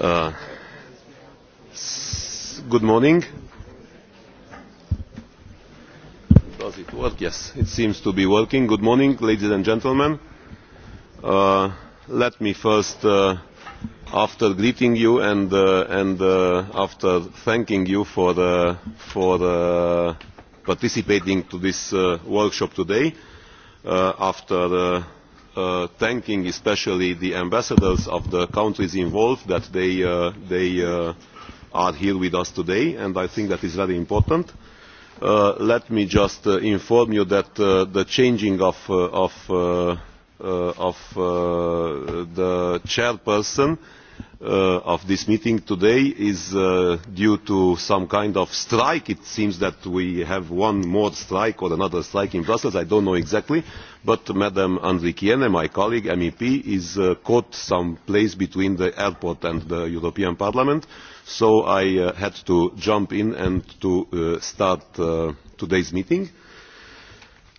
Uh, good morning. Does it work? Yes, it seems to be working. Good morning, ladies and gentlemen. Uh, let me first, uh, after greeting you and, uh, and uh, after thanking you for, uh, for uh, participating to this uh, workshop today, uh, after uh, uh, thanking especially the ambassadors of the countries involved that they, uh, they uh, are here with us today, and I think that is very important. Uh, let me just uh, inform you that uh, the changing of, uh, of, uh, uh, of uh, the chairperson uh, uh, of this meeting today is uh, due to some kind of strike. It seems that we have one more strike or another strike in Brussels. I don't know exactly. But Madam Andrikiene, my colleague, MEP, is uh, caught some place between the airport and the European Parliament. So I uh, had to jump in and to uh, start uh, today's meeting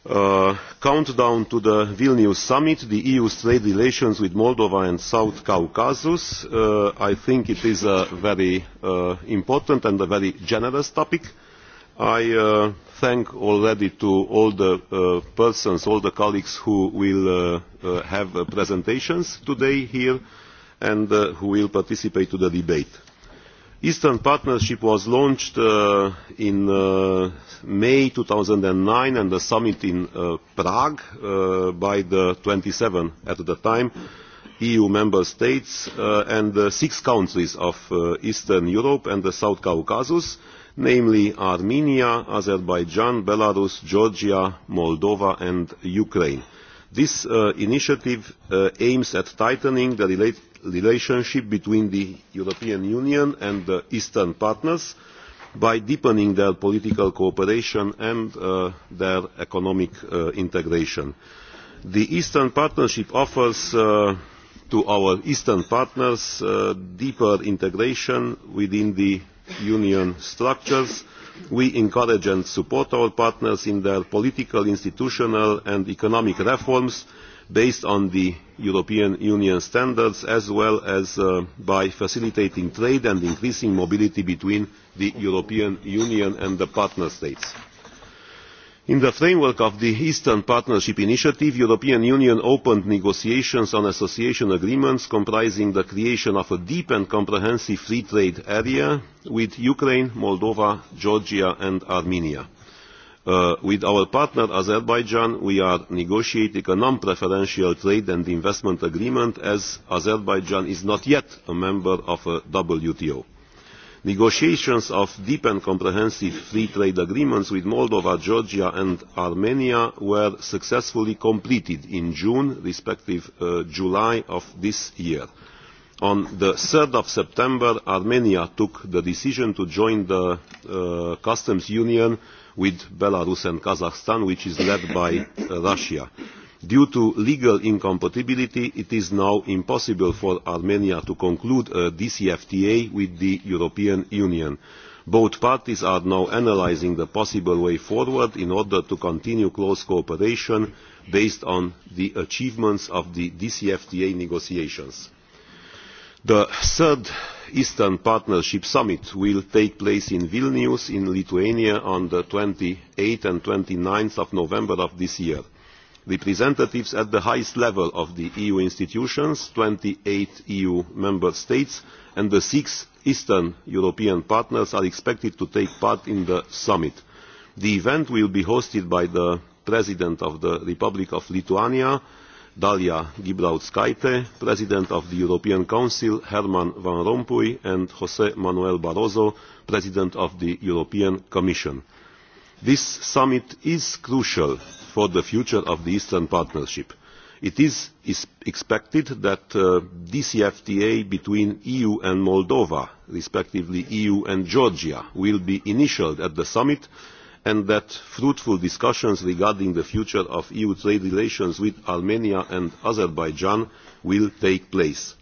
countdown to the vilnius summit the eu's trade relations with moldova and south caucasus i think it is a very important and a very generous topic. i thank already to all the persons all the colleagues who will have presentations today here and who will participate in the debate eastern partnership was launched uh, in uh, may 2009 and the summit in uh, prague uh, by the 27 at the time eu member states uh, and the six countries of uh, eastern europe and the south caucasus namely armenia azerbaijan belarus georgia moldova and ukraine. this uh, initiative uh, aims at tightening the, relate relationship between the European Union and the Eastern partners by deepening their political cooperation and uh, their economic uh, integration. The Eastern Partnership offers uh, to our Eastern partners uh, deeper integration within the Union structures. We encourage and support our partners in their political, institutional and economic reforms based on the European Union standards as well as uh, by facilitating trade and increasing mobility between the European Union and the partner states. In the framework of the Eastern Partnership Initiative, the European Union opened negotiations on association agreements comprising the creation of a deep and comprehensive free trade area with Ukraine, Moldova, Georgia and Armenia Uh, with our partner Azerbaijan, we are negotiating a non-preferential trade and investment agreement as Azerbaijan is not yet a member of a WTO. Negotiations of deep and comprehensive free trade agreements with Moldova, Georgia and Armenia were successfully completed in June, respective uh, July of this year. On the 3rd of September, Armenia took the decision to join the uh, customs union with Belarus and Kazakhstan, which is led by Russia. Due to legal incompatibility, it is now impossible for Armenia to conclude a DCFTA with the European Union. Both parties are now analysing the possible way forward in order to continue close cooperation based on the achievements of the DCFTA negotiations. The third Eastern Partnership Summit will take place in Vilnius in Lithuania on the 28th and 29th of November of this year. Representatives at the highest level of the EU institutions, 28 EU member states and the six Eastern European partners are expected to take part in the summit. The event will be hosted by the President of the Republic of Lithuania, Dalia gibraut President of the European Council, Herman Van Rompuy, and Jose Manuel Barroso, President of the European Commission. This summit is crucial for the future of the Eastern Partnership. It is, expected that the DCFTA between EU and Moldova, respectively EU and Georgia, will be initialled at the summit and that fruitful discussions regarding the future of EU trade relations with Armenia and Azerbaijan will take place.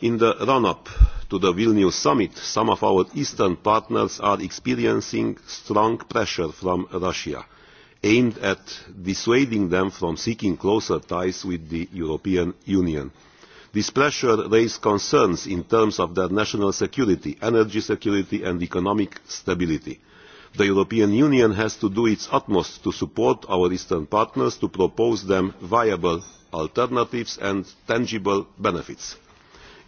In the run-up to the Vilnius summit, some of our eastern partners are experiencing strong pressure from Russia, aimed at dissuading them from seeking closer ties with the European Union. This pressure raises concerns in terms of their national security, energy security and economic stability the european union has to do its utmost to support our eastern partners to propose them viable alternatives and tangible benefits.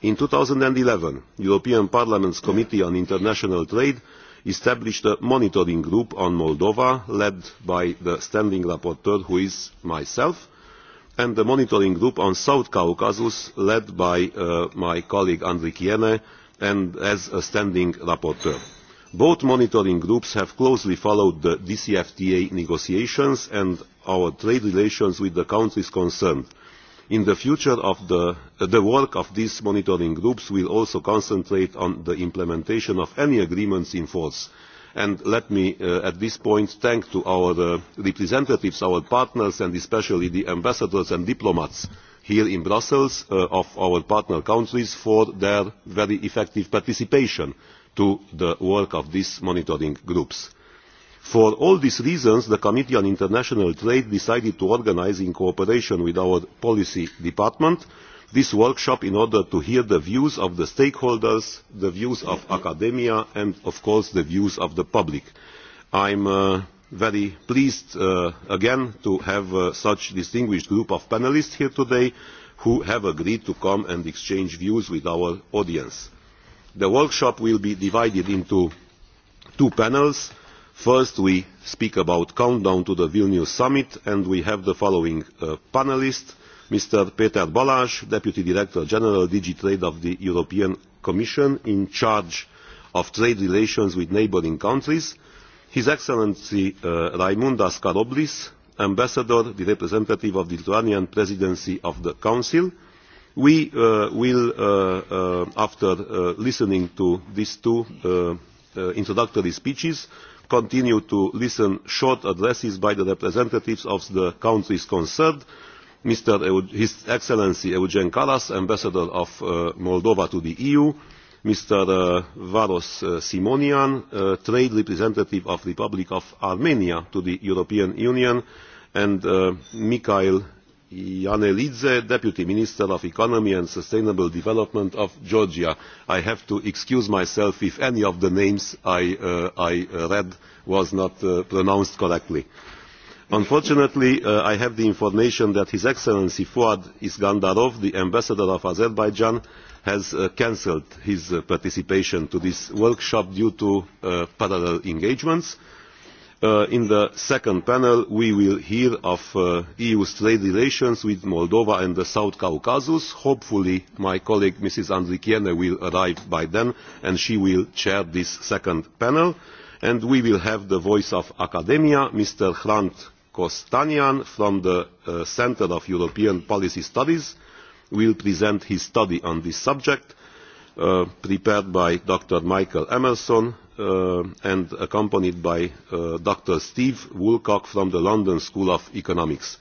in two thousand and eleven the european parliament's committee on international trade established a monitoring group on moldova led by the standing rapporteur who is myself and the monitoring group on south caucasus led by my colleague Kiene, and as a standing rapporteur. Both monitoring groups have closely followed the DCFTA negotiations and our trade relations with the countries concerned. In the future, of the, the work of these monitoring groups will also concentrate on the implementation of any agreements in force. And let me uh, at this point thank to our uh, representatives, our partners, and especially the ambassadors and diplomats here in Brussels uh, of our partner countries for their very effective participation to the work of these monitoring groups. For all these reasons, the Committee on International Trade decided to organize, in cooperation with our policy department, this workshop in order to hear the views of the stakeholders, the views of academia, and of course the views of the public. I'm uh, very pleased uh, again to have uh, such distinguished group of panelists here today who have agreed to come and exchange views with our audience The workshop will be divided into two panels. First, we speak about countdown to the Vilnius summit, and we have the following uh, panelists. Mr. Peter Balázs, Deputy Director General, DigiTrade of the European Commission, in charge of trade relations with neighbouring countries. His Excellency uh, Raimundas Karoblis, Ambassador, the representative of the Lithuanian Presidency of the Council, We uh, will, uh, uh, after uh, listening to these two uh, uh, introductory speeches, continue to listen short addresses by the representatives of the countries concerned, Mr. His Excellency Eugen Karas, Ambassador of uh, Moldova to the EU, Mr. Uh, Varos uh, Simonian, uh, Trade Representative of Republic of Armenia to the European Union, and uh, Mikhail Janelidze, Deputy Minister of Economy and Sustainable Development of Georgia. I have to excuse myself if any of the names I, uh, I read was not uh, pronounced correctly. Unfortunately, uh, I have the information that His Excellency Fuad Iskandarov, the ambassador of Azerbaijan, has uh, cancelled his uh, participation to this workshop due to uh, parallel engagements in the second panel, we will hear of the EU's trade relations with Moldova and the South Caucasus. Hopefully, my colleague Mrs. Andrikiene will arrive by then, and she will chair this second panel. And we will have the voice of academia, Mr. Hrant Kostanian from the Centre of European Policy Studies will present his study on this subject, prepared by Dr. Michael Emerson, uh, and accompanied by uh, Dr. Steve Woolcock from the London School of Economics.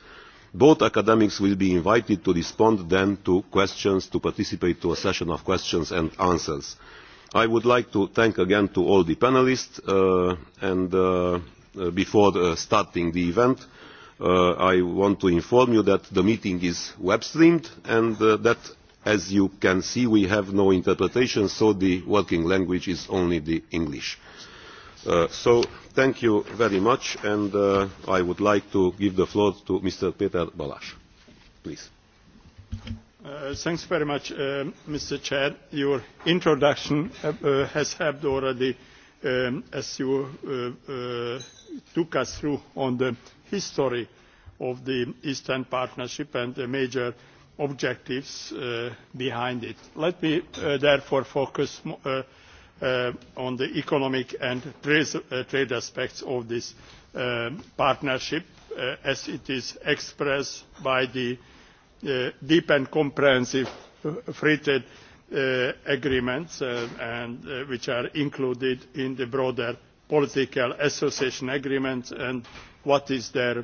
Both academics will be invited to respond then to questions, to participate to a session of questions and answers. I would like to thank again to all the panelists uh, and uh, before uh, starting the event, uh, I want to inform you that the meeting is web streamed and uh, that As you can see, we have no interpretation, so the working language is only the English. Uh, so thank you very much, and uh, I would like to give the floor to Mr. Peter Balash. Please. Uh, thanks very much, uh, Mr. Chair. Your introduction uh, has helped already um, as you uh, uh, took us through on the history of the Eastern Partnership and the major uh, objectives behind it. Let me therefore focus on the economic and trade aspects of this partnership as it is expressed by the deep and comprehensive free trade agreements which are included in the broader political association agreements and what is their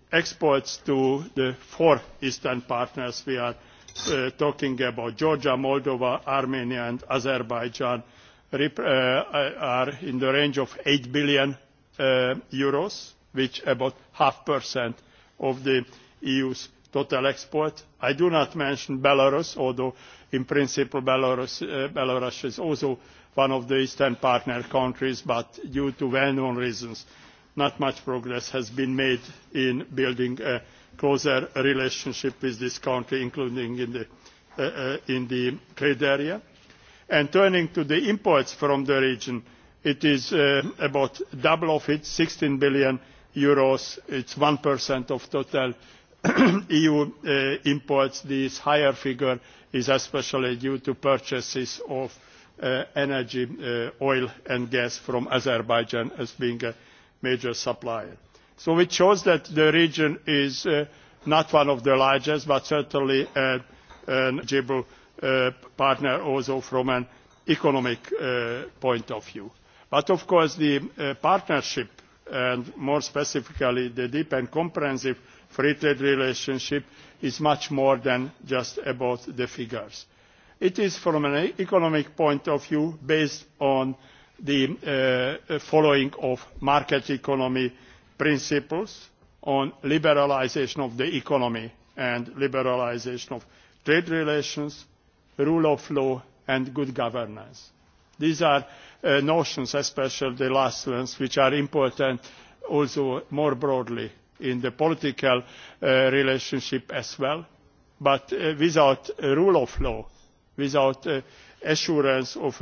exports to the four eastern partners. We are talking about Georgia, Moldova, Armenia, and Azerbaijan are in the range of EUR eight billion which is about half percent of the EU's total export. I do not mention Belarus, although in principle Belarus is also one of the eastern partner countries, but due to well-known reasons not much progress has been made in building a closer relationship with this country, including in the, trade area. And turning to the imports from the region, it is about double of it, EUR sixteen billion euros. It's 1% of total EU imports. This higher figure is especially due to purchases of energy, oil and gas from Azerbaijan as being a major supplier. So it shows that the region is uh, not one of the largest, but certainly a, an eligible uh, partner also from an economic uh, point of view. But of course the uh, partnership and more specifically the deep and comprehensive free trade relationship is much more than just about the figures. It is from an economic point of view based on the following of market economy principles on liberalisation of the economy and liberalisation of trade relations rule of law and good governance. these are notions especially the last ones, which are important also more broadly in the political relationship as well but without the rule of law without assurance of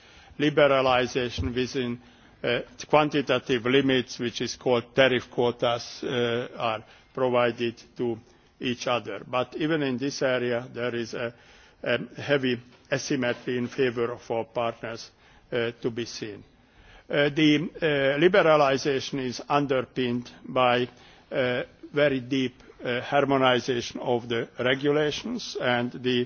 liberalisation within quantitative limits which is called tariff quotas are provided to each other. but even in this area there is a heavy asymmetry in favour of our partners to be seen. the liberalisation is underpinned by very deep harmonisation of the regulations and the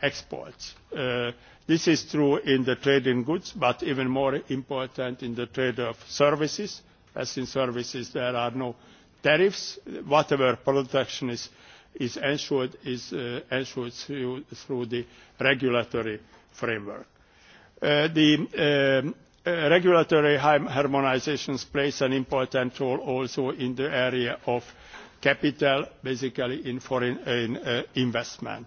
exports. This is true in the trade in goods, but even more important in the trade of services, as in services there are no tariffs. Whatever protection is ensured is ensured through the regulatory framework. The regulatory harmonisation plays an important role also in the area of capital, basically in foreign investment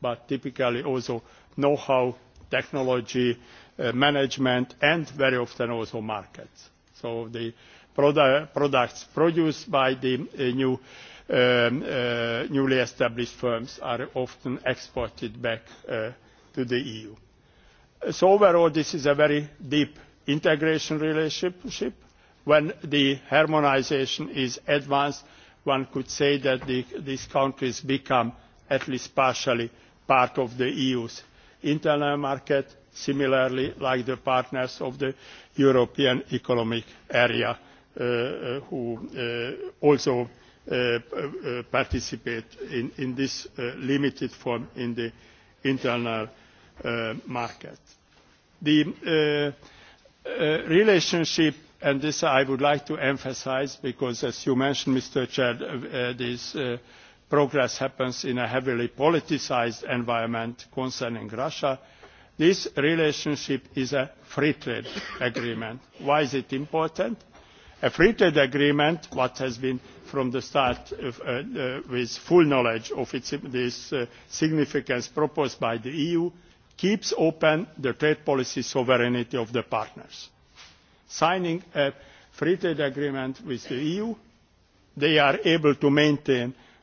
but typically also know how technology management and very often also markets. so the products produced by the newly established firms are often exported back to the eu. so overall this is a very deep integration relationship. when the harmonisation is advanced one could say that these countries become at least partially part of the eu's internal market similarly like the partners of the european economic area who also participate in this limited form in the internal market. the relationship and this i would like to emphasise because as you mentioned mr chair progress happens in a heavily politicised environment concerning russia. this relationship is a free trade agreement. why is it important? a free trade agreement what has been from the start with full knowledge of its significance proposed by the eu keeps open the trade policy sovereignty of the partners. signing a free trade agreement with the eu they are able to maintain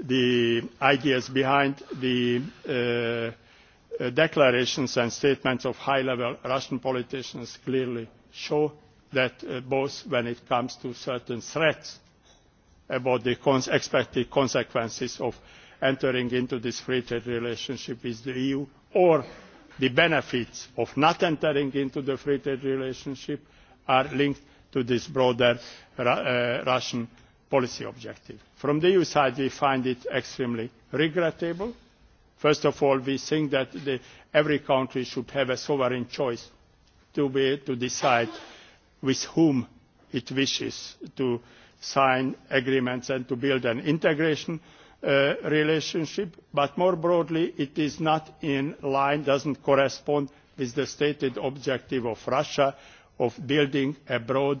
the ideas behind the declarations and statements of high level Russian politicians clearly show that both when it comes to certain threats about the expected consequences of entering into this free trade relationship with the EU or the benefits of not entering into the free trade relationship are linked to this broader Russian policy objective. From the EU side, we find it extremely regrettable. First of all, we think that every country should have a sovereign choice to, be, to decide with whom it wishes to sign agreements and to build an integration uh, relationship. But more broadly, it is not in line, doesn't correspond with the stated objective of Russia of building a broad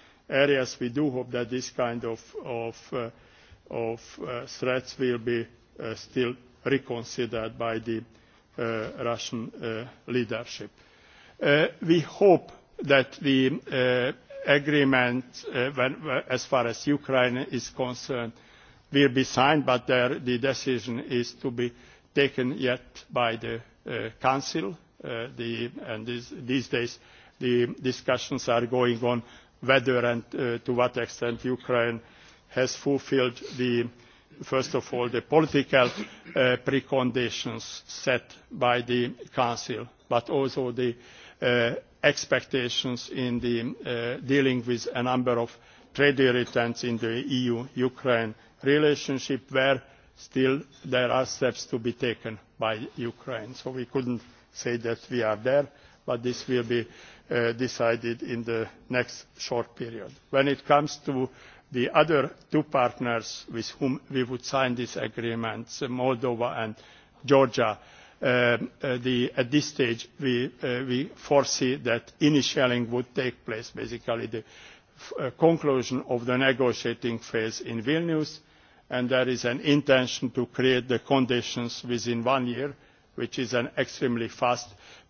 areas, we do hope that this kind of, threats will be still reconsidered by the Russian leadership. we hope that the agreement, as far as Ukraine is concerned, will be signed, but the decision is to be taken yet by the Council. and these days the discussions are going on whether and to what extent Ukraine has fulfilled the first of all the political preconditions set by the Council, but also the expectations in dealing with a number of trade irritants in the EU-Ukraine relationship, where still there are steps to be taken by Ukraine. So we couldn't say that we are there, but this will be decided in the next short period. when it comes to the other two partners with whom we would sign this agreement moldova and georgia at this stage we foresee that initialling would take place basically the conclusion of the negotiating phase in vilnius and there is an intention to create the conditions within one year which is an extremely fast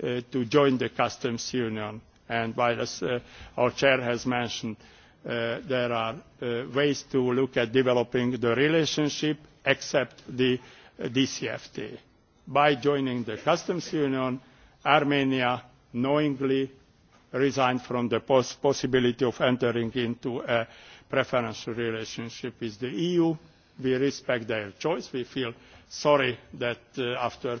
to join the customs union. And while, as our chair has mentioned, there are ways to look at developing the relationship except the DCFT. By joining the customs union, Armenia knowingly resigned from the possibility of entering into a preferential relationship with the EU. We respect their choice. We feel sorry that after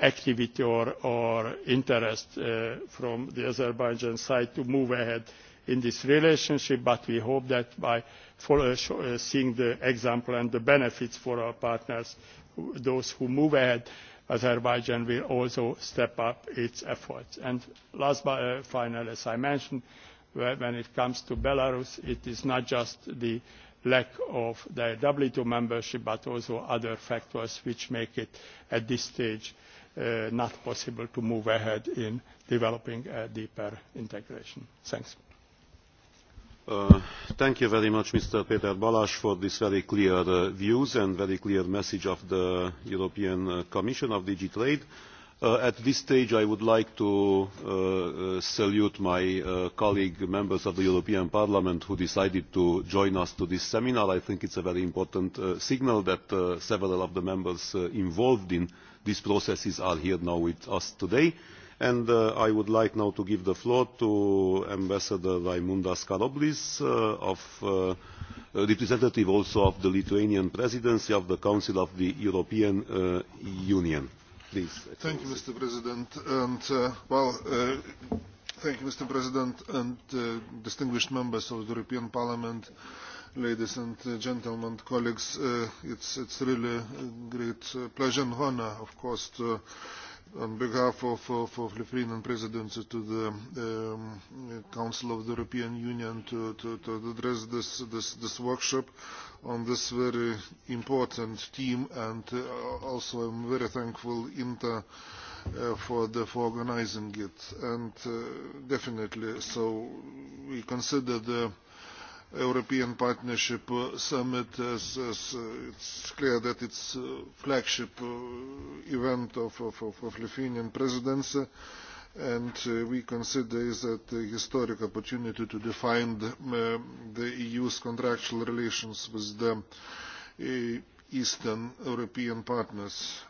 activity or, or interest from the Azerbaijan side to move ahead in this relationship, but we hope that by seeing the example and the benefits for our partners, those who move ahead, Azerbaijan will also step up its efforts. And last but uh, final, as I mentioned, when it comes to Belarus, it is not just the lack of the WTO membership, but also other factors which make it at this stage not possible to move ahead in developing a deeper integration. thank you very much, Mr. Peter Balas, for these very clear views and very clear message of the European Commission of DigiTrade. Trade at this stage, I would like to salute my colleague members of the European Parliament who decided to join us in this seminar. I think it is a very important signal that several of the members involved in these processes are here now with us today. And I would like now to give the floor to Ambassador Raimundas Karoblis, representative also of the Lithuanian presidency of the Council of the European Union Mr. President. Mr. President and distinguished members of the European Parliament, ladies and gentlemen, colleagues. It is really a great pleasure and honour, of course, to on behalf of, of, of Lithuanian presidency to the um, Council of the European Union to, to, to address this, this, this workshop on this very important team and uh, also I'm very thankful INTA uh, for, the, for organizing it and uh, definitely so we consider the European Partnership Summit as, it's clear that it's a flagship event of, the Lithuanian presidency and we consider it a historic opportunity to define the, EU's contractual relations with the Eastern European partners.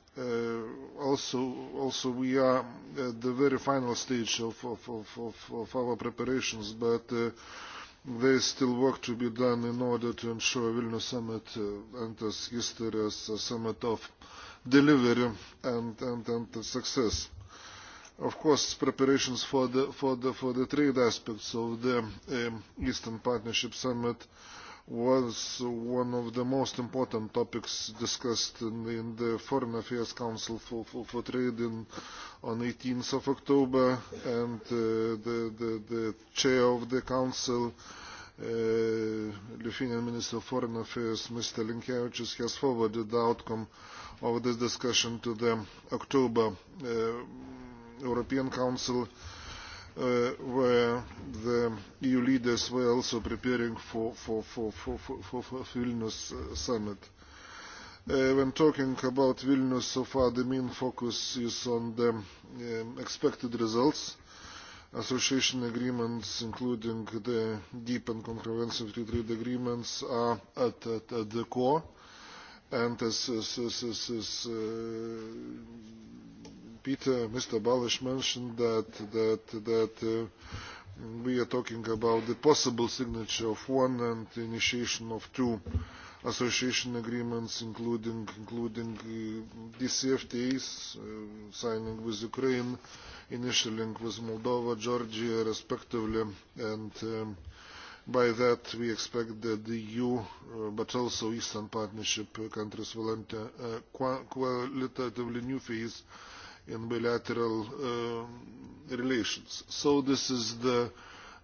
also, we are at the very final stage of, of, our preparations, but There is still work to be done in order to ensure Vilnius Summit enters history as a summit of delivery and, and, and success. Of course, preparations for the, for the, for the trade aspects of the um, Eastern Partnership Summit uh, was one of the most important topics discussed in, the in the Foreign Affairs Council for, for, for Trade in, on 18th of October, and uh, the, the, the chair of the council, uh, Lithuanian Minister of Foreign Affairs, Mr. Linkevichus, has forwarded the outcome of this discussion to the October uh, European Council uh, where the EU leaders were also preparing for, for, for, for, for, for Vilnius summit. when talking about Vilnius so far, the main focus is on the expected results, association agreements, including the deep and comprehensive free trade agreements, are at, at, at the core. And as, as, as, as, as Peter, Mr. Balish mentioned that, that, that uh, we are talking about the possible signature of one and initiation of two association agreements, including, including uh, DCFTAs, uh, signing with Ukraine, initialing with Moldova, Georgia, respectively, and um, by that we expect that the EU, uh, but also Eastern Partnership countries will enter a qualitatively new phase in bilateral relations. So this is the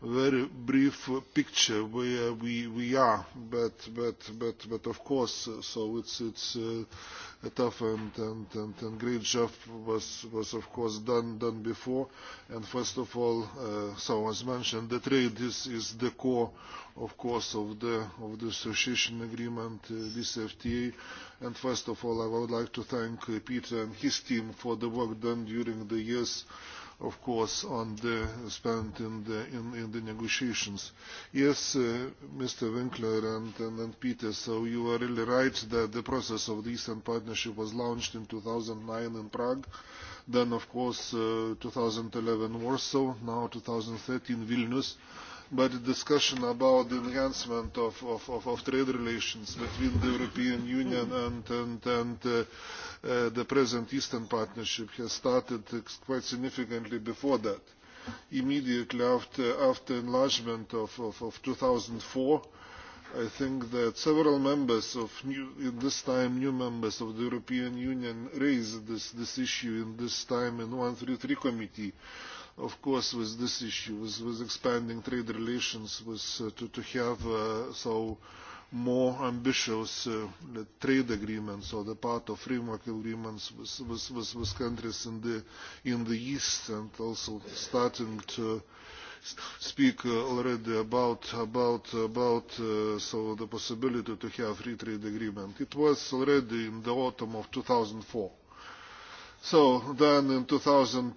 very brief picture where we, we are, but, but, but, but of course, so it's, it's uh, a tough and, and, and, and great job was, was of course done, done before. And first of all, uh, so as mentioned, the trade is, is the core, of course, of the, of the association agreement, uh, this FTA. And first of all, I would like to thank uh, Peter and his team for the work done during the years uh, of course, on the spent in the in in the negotiations. Yes, Mr. Winkler and and Peter, so you are really right that the process of the Eastern Partnership was launched in 2009 in Prague. Then, of course, uh, 2011 Warsaw, now 2013 Vilnius but the discussion about the enhancement of, of, of, of trade relations between the European Union and, and, and uh, uh, the present Eastern Partnership has started quite significantly before that. Immediately after, after enlargement of, of, of 2004, I think that several members of new, in this time new members of the European Union raised this, this issue in this time in 133 committee of course, with this issue, with, with expanding trade relations, with, uh, to, to have uh, so more ambitious uh, trade agreements or the part of framework agreements with, with, with, with countries in the, in the East and also starting to speak uh, already about about about uh, so the possibility to have free trade agreement. It was already in the autumn of 2004 So then in 2006,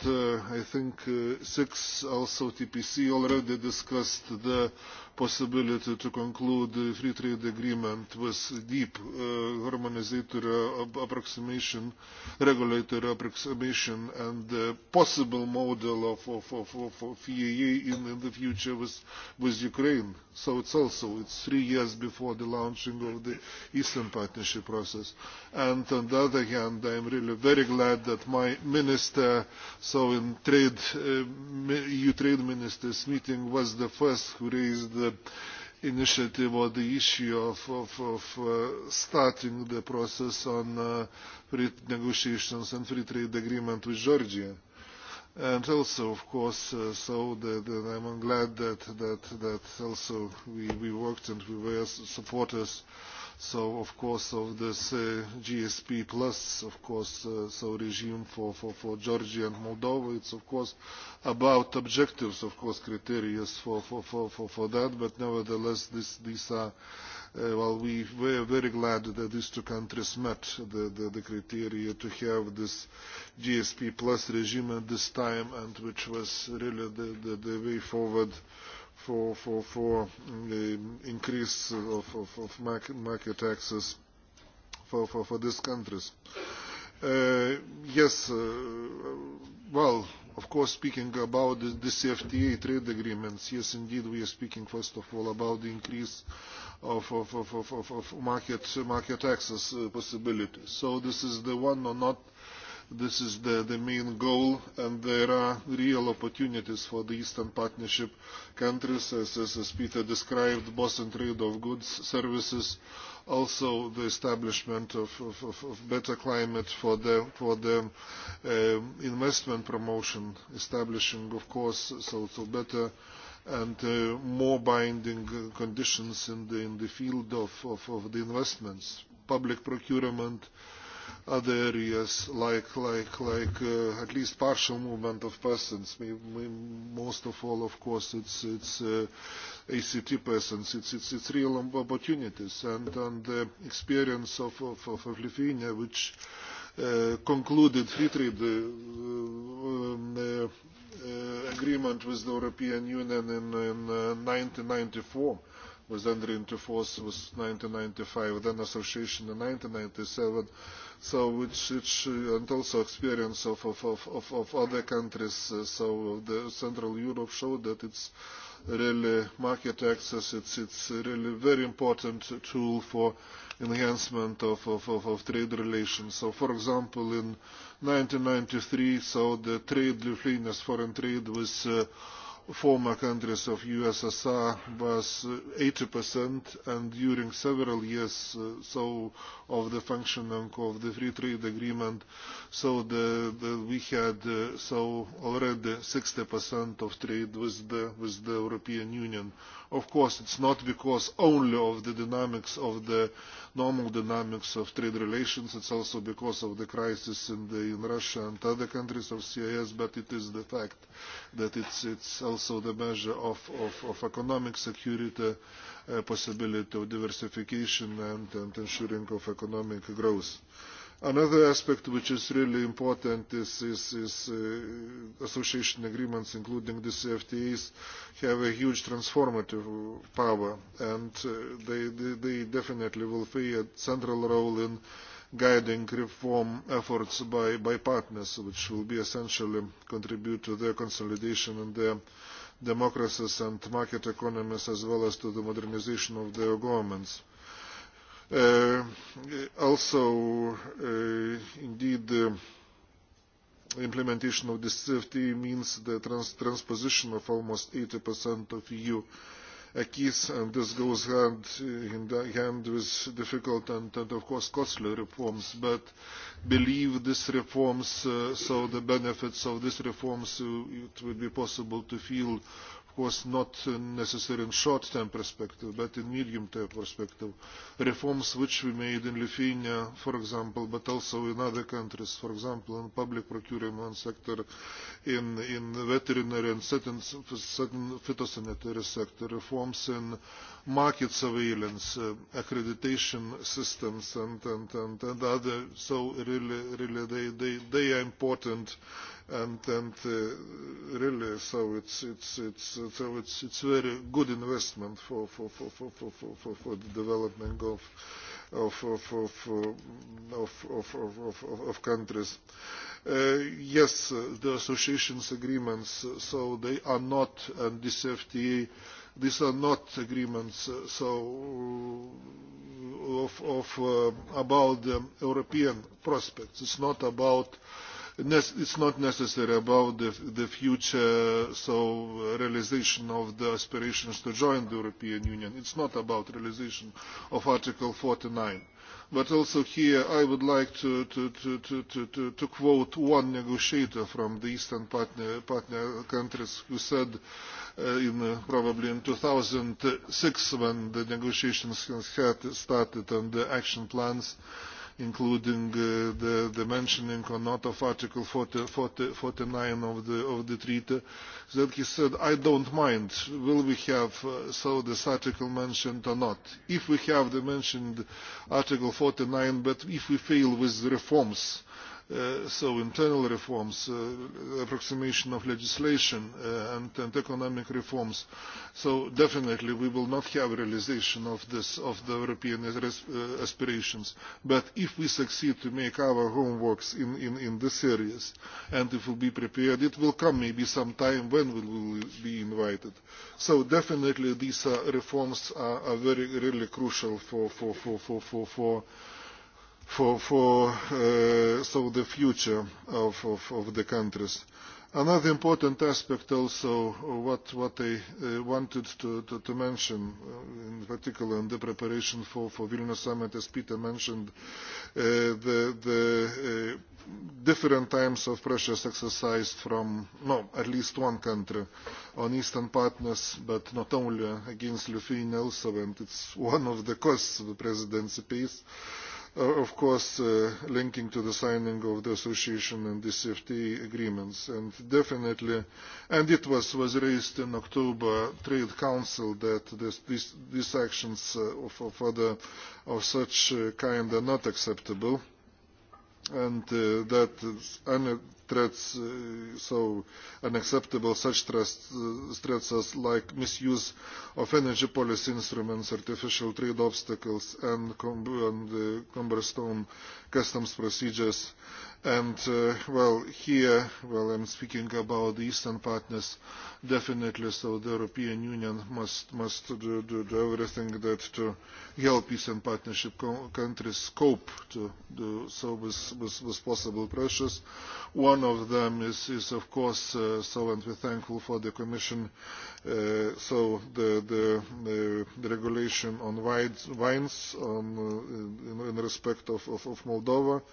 uh, uh, six also TPC already discussed the possibility to conclude the free trade agreement with deep uh, harmonizator approximation, regulator approximation, and the possible model of, of, of, of, of EAA in, in the future with, with Ukraine. So it's also it's three years before the launching of the Eastern Partnership process. And on the other hand, I am really very glad that my minister, so in trade, uh, EU trade ministers meeting was the first who raised the initiative or the issue of, of, of uh, starting the process on uh, free negotiations and free trade agreement with Georgia. And also, of course, uh, so that, that I'm glad that, that, that also we, we worked and we were supporters So of course, of this uh, GSP plus, of course, uh, so regime for, for, for Georgia and Moldova, it's of course about objectives, of course, criteria for, for, for, for, for that, but nevertheless, this, these are uh, well, we were very glad that these two countries met the, the, the criteria to have this GSP plus regime at this time, and which was really the, the, the way forward uh, for for for the increase of of, of market, market access for for for these countries. Uh, yes, uh, well, of course, speaking about the, the CFTA trade agreements, yes, indeed, we are speaking first of all about the increase of, of, of, of, of market market access uh, possibilities. So this is the one or not uh, This is the, the main goal, and there are real opportunities for the Eastern Partnership countries, as, as, as Peter described, both in trade of goods, services, also the establishment of, of, of, of better climate for the, for the investment promotion, establishing, of course, so, so better and uh, more binding conditions in the, in the field of, of, of the investments, public procurement, uh, other areas like like like uh, at least partial movement of persons most of all of course it's it's uh, ACT persons it's it's it's real opportunities and and the experience of of, of Lithuania which uh, concluded free trade uh, um, uh, agreement with the European Union in, in uh, 1994 was entered into force was 1995 then association in 1997 so which, which and also experience of, of, of, of, of other countries. Uh, so the Central Europe showed that it's really market access, it's, it's really very important tool for enhancement of, of, of, of trade relations. So for example, in 1993, so the trade, Lithuania's foreign trade was uh, former countries of USSR was 80% and during several years so of the functioning of the free trade agreement so the, the we had uh, so already 60% of trade with the with the European Union Of course, it's not because only of the dynamics of the normal dynamics of trade relations. It's also because of the crisis in, the, in Russia and other countries of CIS, but it is the fact that it's, it's also the measure of, of, of economic security, uh, possibility of diversification and, and ensuring of economic growth. Another aspect which is really important is, is, is uh, association agreements, including the CFTAs, have a huge transformative power, and uh, they, they, they definitely will play a central role in guiding reform efforts by, by partners, which will be essentially contribute to their consolidation and their democracies and market economies, as well as to the modernization of their governments also, indeed, the implementation of this CFT means the trans transposition of almost 80% of EU acquis, and this goes hand in hand with difficult and, and of course, costly reforms, but believe these reforms, uh, so the benefits of these reforms, uh, it would be possible to feel course, not necessarily in short-term perspective, but in medium-term perspective. Reforms which we made in Lithuania, for example, but also in other countries, for example, in public procurement sector, in, in veterinary and certain, certain phytosanitary sector, reforms in market surveillance, accreditation systems, and, and, and, and other. So really, really, they, they, they are important, and, and uh, really, so it's, it's, it's, so it's, it's very good investment for, for, for, for, for, for, for for the development of, of, of, of, of, of, of, of, of countries. Uh, yes, the associations agreements, so they are not, and this FTA these are not agreements so of, of uh, about the European prospects. It's not about it's not necessary about the, the future so realization of the aspirations to join the European Union. It's not about realization of Article 49 But also here I would like to, to, to, to, to, to, to quote one negotiator from the Eastern partner, partner countries who said uh, in, uh, probably in 2006 when the negotiations had started on the action plans uh, including uh the, the mentioning or not of Article 40, 40, 49 of the, of the treaty, that he said, I don't mind, will we have uh, so this article mentioned or not. If we have the mentioned Article 49, but if we fail with the reforms, so internal reforms, uh approximation of legislation and, economic reforms. So definitely we will not have realization of, this, of the European aspirations. But if we succeed to make our homeworks in, in, in this areas and if we be prepared, it will come maybe some time when we will be invited. So definitely these reforms are, are very really crucial for, for, for, for, for, for for, for, uh, so the future of, of, of the countries. Another important aspect also, what, what I uh, wanted to, to, to mention, uh, in particular in the preparation for, for Vilnius Summit, as Peter mentioned, uh, the, the uh, different times of pressures exercised from, no, at least one country on Eastern partners, but not only against Lithuania also, and it's one of the costs of the presidency peace. Uh, of course linking to the signing of the association and the CFTA agreements. And definitely, and it was, was raised in October Trade Council that this, this, these actions of, of, other, of such kind are not acceptable and uh, that any threats, uh, so unacceptable such threats, uh, threats as like misuse of energy policy instruments, artificial trade obstacles, and, com and uh, cumbersome customs procedures uh, And, uh, well, here, well, I'm speaking about the Eastern partners, definitely, so the European Union must, must do, do, do everything that to help Eastern partnership co countries cope to do so with, with, with possible pressures. One of them is, is of course, uh, so, and we're thankful for the Commission, uh, so the, the, the, the regulation on wines on, uh, in, in respect of, of, of Moldova,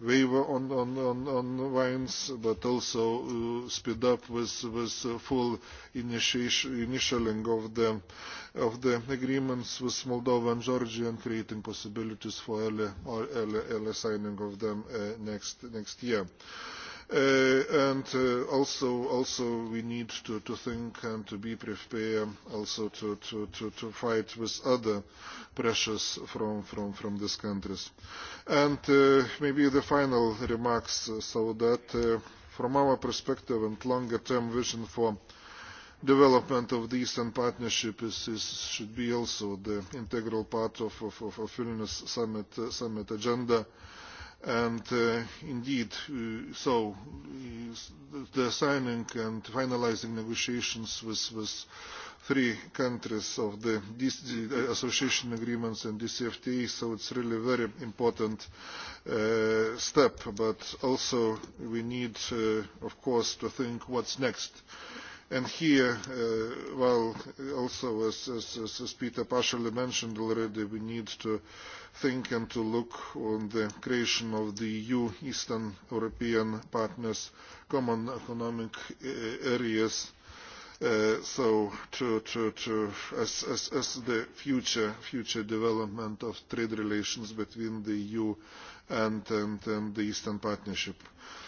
waiver on, on, on, on wines, but also speed up with, with full initialing of the, of the agreements with Moldova and Georgia and creating possibilities for early, early, early signing of them next, year and also we need to think and to be prepared also to fight with other pressures from these countries. And maybe the final remarks, so that from our perspective and longer-term vision for development of the Eastern Partnership is, is should be also the integral part of, of, of, of Vilnius summit, uh, summit agenda and indeed so the signing and finalising negotiations with three countries of the association agreements and DCFTA, so it's really a very important step, but also we need, of course, to think what's next And here, uh, well, also as, as, as Peter partially mentioned already, we need to think and to look on the creation of the EU Eastern European partners common economic uh, areas so to, to, to as, as, as the future future development of trade relations between the EU and, and, and the Eastern Partnership. Uh,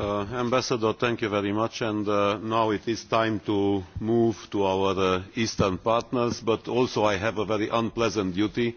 Uh, Ambassador, thank you very much. And uh, now it is time to move to our uh, eastern partners, but also I have a very unpleasant duty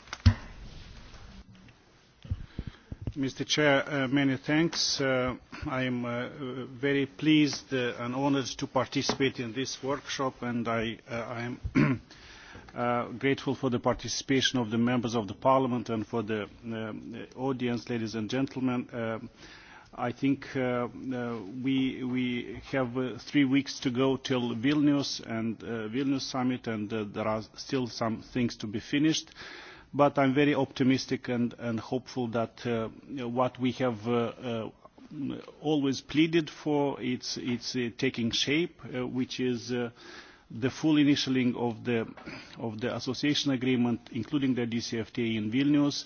Mr. Chair, many thanks. I am very pleased and honoured to participate in this workshop, and I, am grateful for the participation of the members of the Parliament and for the audience, ladies and gentlemen. I think we we have three weeks to go till Vilnius and Vilnius summit, and there are still some things to be finished. Uh, but I'm very optimistic and, and hopeful that uh, what we have uh, uh, always pleaded for, it's, it's uh, taking shape, uh, which is uh, the full initialing of the, of the association agreement, including the DCFTA in Vilnius.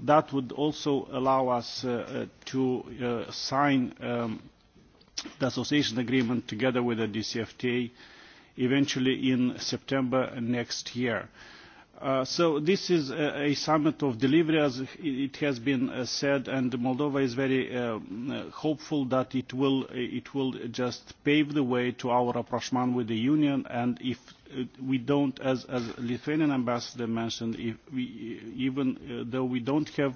That would also allow us uh, to uh, sign um, the association agreement together with the DCFTA eventually in September next year. Uh, so this is a, a summit of delivery, as it has been uh, said, and Moldova is very uh, hopeful that it will, it will just pave the way to our rapprochement with the Union, and if we don't, as, as Lithuanian ambassador mentioned, if we, even uh, though we don't have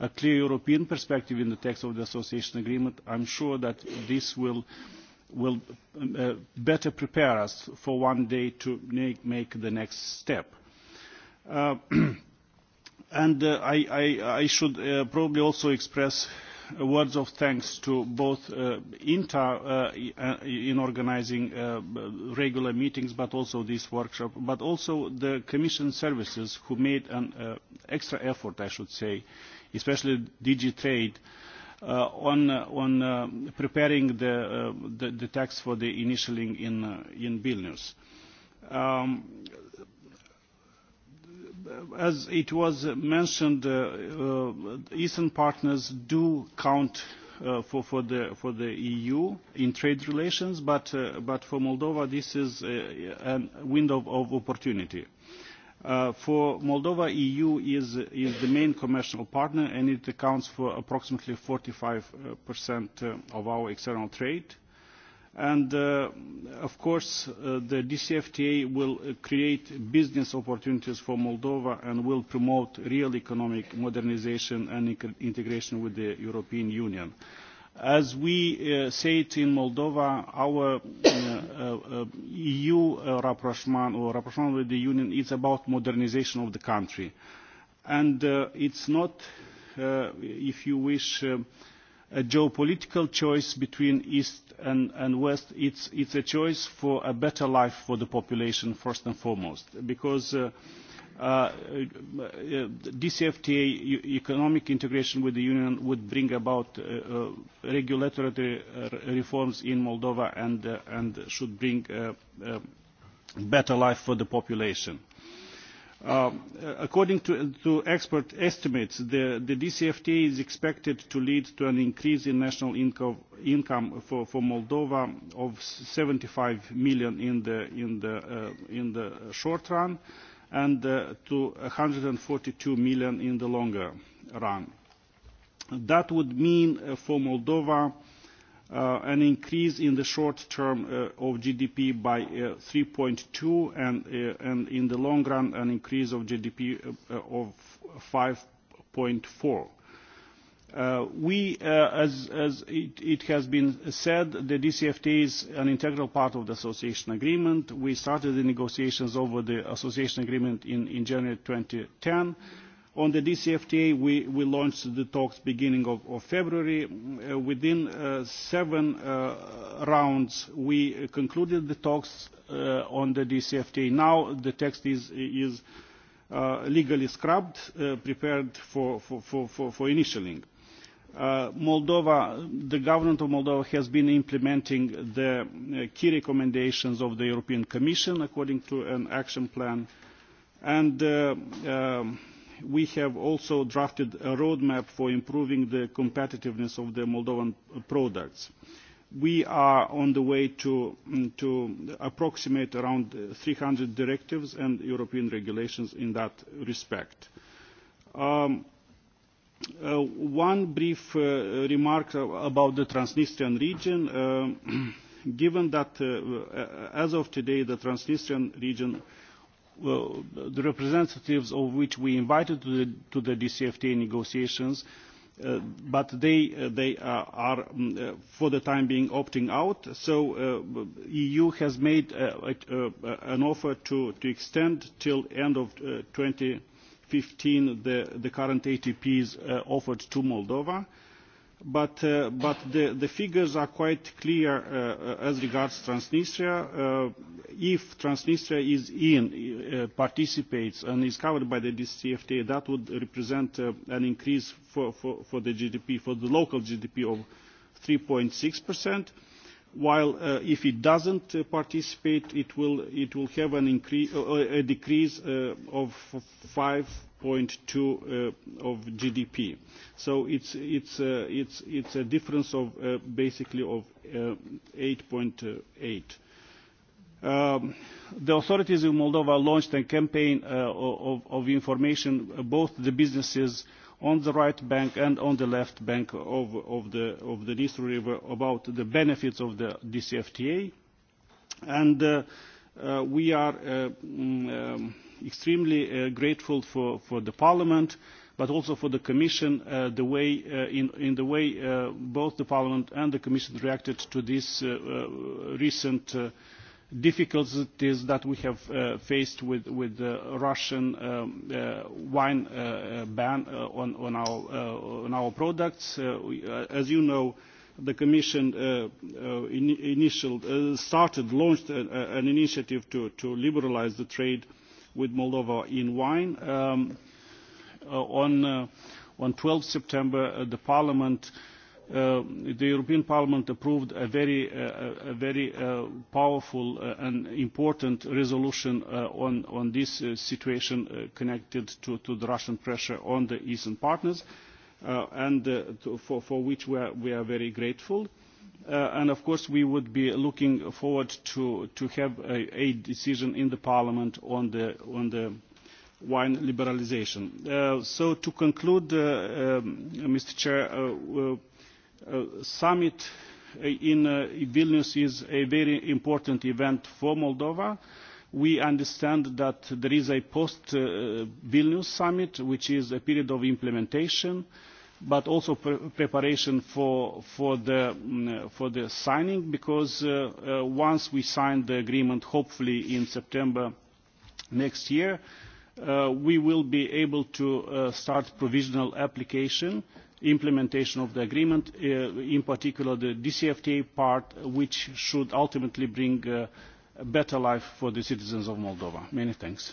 a clear European perspective in the text of the association agreement, I'm sure that this will will uh, better prepare us for one day to make, make the next step and I, I, I should probably also express words of thanks to both INTA in organising regular meetings, but also this workshop, but also the Commission services who made an extra effort, I should say, especially DG Trade, on preparing the, the, the text for the initialing in, in Vilnius as it was mentioned, Eastern partners do count for, for, the, for the EU in trade relations, but, uh, but for Moldova this is a, a window of opportunity. Uh, for Moldova, EU is, is the main commercial partner and it accounts for approximately 45% of our external trade And of course, the DCFTA will create business opportunities for Moldova and will promote real economic modernization and integration with the European Union. As we uh, say it in Moldova, our uh, uh, EU uh, rapprochement or rapprochement with the Union is about modernization of the country. And uh, it's not, uh, if you wish, uh, a geopolitical choice between East and, and West. It's, it's a choice for a better life for the population, first and foremost, because uh, uh, DCFTA, economic integration with the Union, would bring about uh, uh, regulatory reforms in Moldova and, uh, and should bring uh, uh, better life for the population according to, expert estimates, the, the DCFTA is expected to lead to an increase in national income, for, Moldova of 75 million in the, in the, in the short run and uh, to 142 million in the longer run. That would mean for Moldova uh, an increase in the short term uh, of GDP by uh, 3.2 and, uh, and in the long run an increase of GDP uh, of 5.4. Uh, we, uh, as, as it, it has been said, the DCFTA is an integral part of the association agreement. We started the negotiations over the association agreement in, in January 2010 On the DCFTA, we, we launched the talks beginning of, of February. Uh, within uh, seven uh, rounds, we concluded the talks uh, on the DCFTA. Now the text is, is uh, legally scrubbed, uh, prepared for, for, for, for, initialing. Uh, Moldova, the government of Moldova has been implementing the key recommendations of the European Commission according to an action plan. And uh, we have also drafted a roadmap for improving the competitiveness of the Moldovan products. We are on the way to, to approximate around 300 directives and European regulations in that respect. Um, uh, one brief uh, remark about the Transnistrian region. given that uh, as of today the Transnistrian region well, the representatives of which we invited to the, to the DCFTA negotiations, uh, but they, uh, they are, are um, uh, for the time being opting out. So uh, EU has made uh, an offer to, to extend till end of uh, 2015 the, the current ATPs uh, offered to Moldova. Uh, but uh, but the, the figures are quite clear uh, as regards Transnistria. Uh, if Transnistria is in, uh, participates and is covered by the DCFTA, that would represent uh, an increase for, for, for the GDP, for the local GDP of 3.6 percent while uh, if it doesn't uh, participate, it will, it will have an increase, uh, a decrease uh, of 5 0.2 of GDP. So it's, it's, uh, it's, it's a difference of uh, basically of 8.8. Uh, um, the authorities in Moldova launched a campaign uh, of, of information, both the businesses on the right bank and on the left bank of, of, the, of the Dnistru River about the benefits of the DCFTA. And uh, uh, we are uh, um, extremely uh, grateful for, for the Parliament, but also for the Commission, uh, the way, uh, in, in the way uh, both the Parliament and the Commission reacted to these uh, uh, recent uh, difficulties that we have uh, faced with, with the Russian um, uh, wine uh, ban uh, on, on, our, uh, on our products. Uh, we, uh, as you know, the Commission uh, uh, in, initial, uh, started, launched an, an initiative to, to liberalize the trade with Moldova in wine. Um, uh, on, uh, on 12 September, uh, the Parliament uh, the European Parliament approved a very, uh, a very uh, powerful uh, and important resolution uh, on, on this uh, situation uh, connected to, to the Russian pressure on the Eastern partners, uh, and uh, to, for, for which we are, we are very grateful. Uh, and of course we would be looking forward to, have a, decision in the parliament on the, wine liberalisation. so to conclude, Mr. Chair, the summit in Vilnius is a very important event for Moldova. We understand that there is a post-Vilnius summit, which is a period of implementation but also pre preparation for, for, the, for the signing, because uh, uh, once we sign the agreement, hopefully in September next year, uh, we will be able to uh, start provisional application implementation of the agreement, uh, in particular the DCFTA part, which should ultimately bring uh, a better life for the citizens of Moldova. Many thanks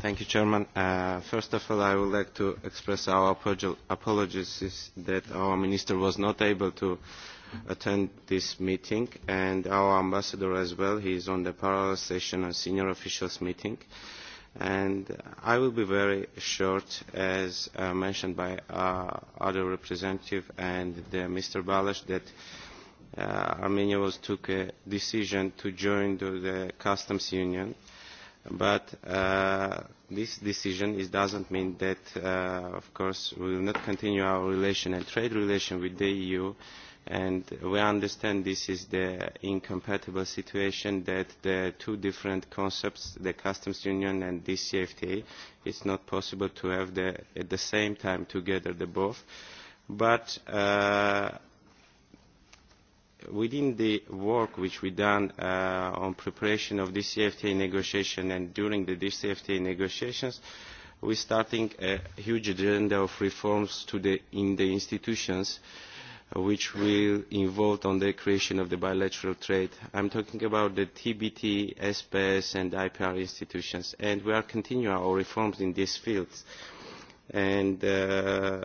Thank you, Chairman. Uh, first of all, I would like to express our apologies that our Minister was not able to attend this meeting, and our Ambassador as well. He is on the parallel session and senior officials meeting. And I will be very short, as uh, mentioned by uh, other representative and the Mr. Balash, that uh, Armenia was took a decision to join the, the customs union but uh, this decision is, doesn't mean that, uh, of course, we will not continue our relation and trade relation with the EU. And we understand this is the incompatible situation that the two different concepts, the customs union and the CFTA, it's not possible to have the, at the same time together the both. But uh, within the work which we've done uh, on preparation of this CFTA negotiation and during the DCFTA negotiations, we're starting a huge agenda of reforms to the, in the institutions which will involve on the creation of the bilateral trade. I'm talking about the TBT, SPS and IPR institutions, and we are continuing our reforms in these fields. And uh,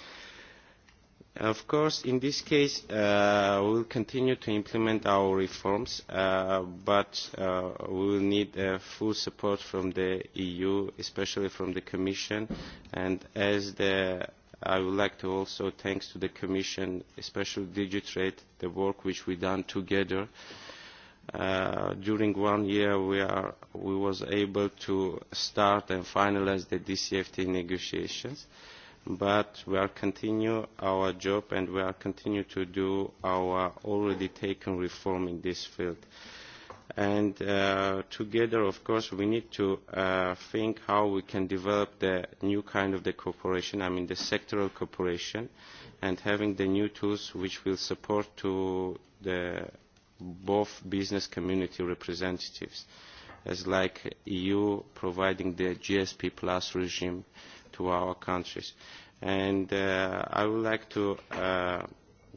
Of course, in this case, uh, we will continue to implement our reforms, uh, but uh, we will need uh, full support from the EU, especially from the Commission. And as the, I would like to also thanks to the Commission, especially Digitrade, the work which we done together. Uh, during one year, we are we was able to start and finalize the DCFT negotiations. Uh, but we are continue our job and we are continue to do our already taken reform in this field. And uh, together, of course, we need to uh, think how we can develop the new kind of the cooperation, I mean the sectoral cooperation, and having the new tools which will support to the both business community representatives, as like EU providing the GSP plus regime, uh, to our countries. And uh, I would like to uh,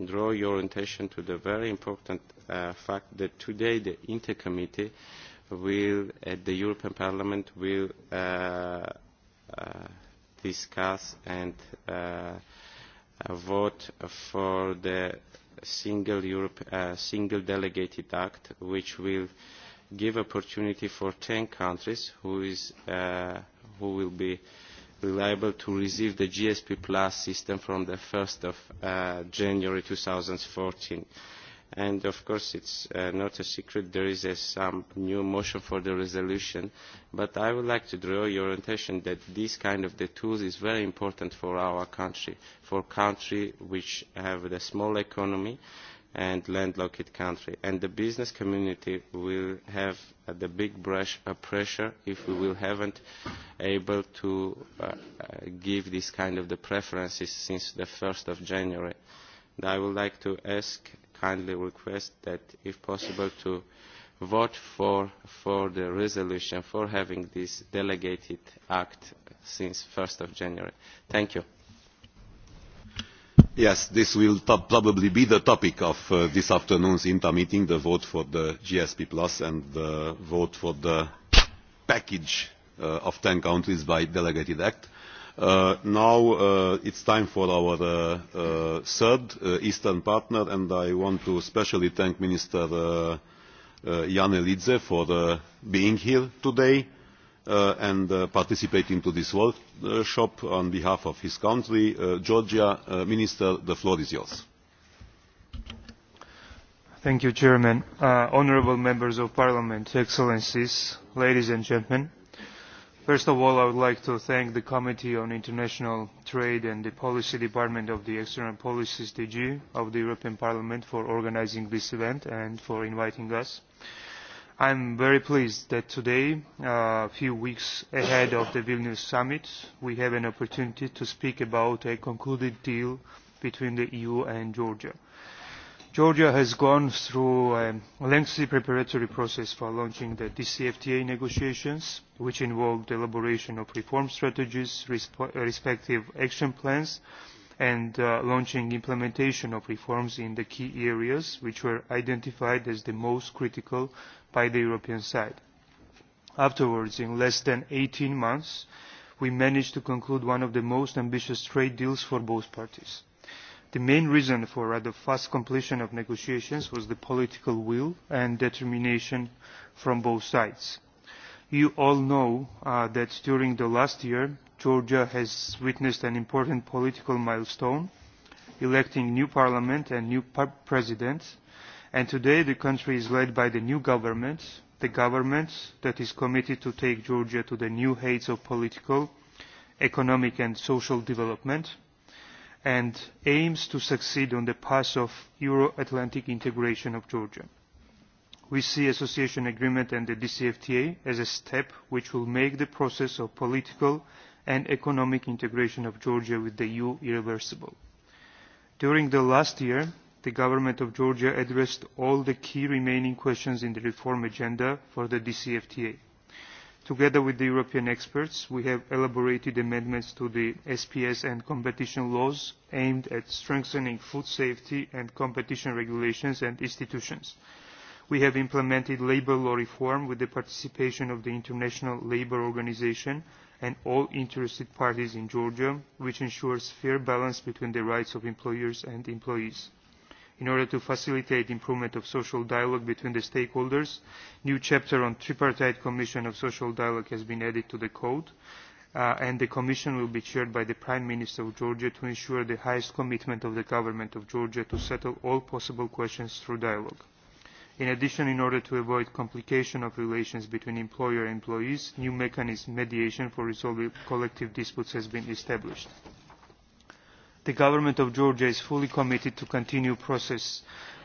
draw your attention to the very important uh, fact that today the intercommittee will, at the European Parliament, will uh, uh, discuss and uh, vote for the single Europe, uh, single delegated act, which will give opportunity for 10 countries who is uh, who will be uh, liable to receive the GSP Plus system from the 1st of uh, January 2014. And of course, it's uh, not a secret, there is a, some new motion for the resolution, but I would like to draw your attention that this kind of the tools is very important for our country, for countries which have a small economy, uh, and landlocked country. And the business community will have uh, the big brush of pressure if we will haven't able to uh, give this kind of the preferences since the 1st of January. And I would like to ask, kindly request that if possible to vote for, for the resolution for having this delegated act since 1st of January. Thank you. Yes, this will probably be the topic of this afternoon's INTA meeting, the vote for the GSP Plus and the vote for the package of ten countries by delegated act. now it is time for our third Eastern partner, and I want to especially thank Minister uh, Jan for being here today and participating in this workshop on behalf of his country, Georgia. Minister, the floor is yours. Thank you, Chairman. Uh, members of Parliament, Excellencies, ladies and gentlemen. First of all, I would like to thank the Committee on International Trade and the Policy Department of the External Policies DG of the European Parliament for organising this event and for inviting us. I'm very pleased that today, a few weeks ahead of the Vilnius summit, we have an opportunity to speak about a concluded deal between the EU and Georgia. Georgia has gone through a lengthy preparatory process for launching the DCFTA negotiations, which involved the elaboration of reform strategies, respective action plans, and uh, launching implementation of reforms in the key areas which were identified as the most critical by the European side. Afterwards, in less than 18 months, we managed to conclude one of the most ambitious trade deals for both parties. The main reason for rather fast completion of negotiations was the political will and determination from both sides. You all know uh, that during the last year, Georgia has witnessed an important political milestone, electing new parliament and new president, And today the country is led by the new government, the government that is committed to take Georgia to the new heights of political, economic and social development, and aims to succeed on the path of Euro-Atlantic integration of Georgia. We see association agreement and the DCFTA as a step which will make the process of political and economic integration of Georgia with the EU irreversible. During the last year, the government of Georgia addressed all the key remaining questions in the reform agenda for the DCFTA. Together with the European experts, we have elaborated amendments to the SPS and competition laws aimed at strengthening food safety and competition regulations and institutions. We have implemented labour law reform with the participation of the International Labour Organization and all interested parties in Georgia, which ensures fair balance between the rights of employers and employees in order to facilitate improvement of social dialogue between the stakeholders. New chapter on tripartite commission of social dialogue has been added to the code uh, and the commission will be chaired by the prime minister of georgia to ensure the highest commitment of the government of georgia to settle all possible questions through dialogue. in addition, in order to avoid complication of relations between employer and employees, new mechanism mediation for resolving collective disputes has been established the government of Georgia is fully committed to continue the process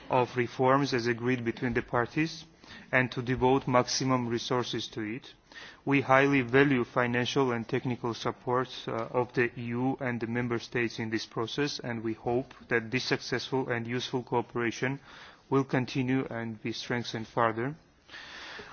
of reforms as agreed between the parties and to devote maximum resources to it. We highly value financial and technical support of the EU and the Member States in this process, and we hope that this successful and useful cooperation will continue and be strengthened further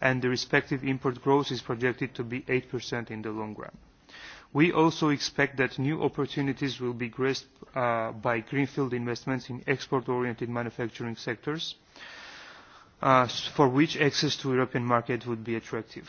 and the respective import growth is projected to be 8% in the long run. We also expect that new opportunities will be grasped by greenfield investments in export-oriented manufacturing sectors, for which access to European market would be attractive.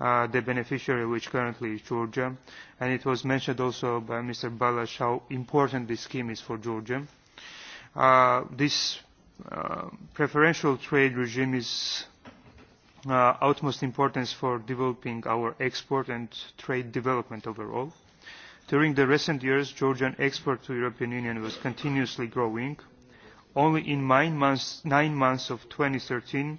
uh, the beneficiary, which currently is Georgia. And it was mentioned also by Mr. Balash how important this scheme is for Georgia. Uh, this uh, preferential trade regime is uh, utmost importance for developing our export and trade development overall. During the recent years, Georgian export to the European Union was continuously growing. Only in nine months, nine months of 2013,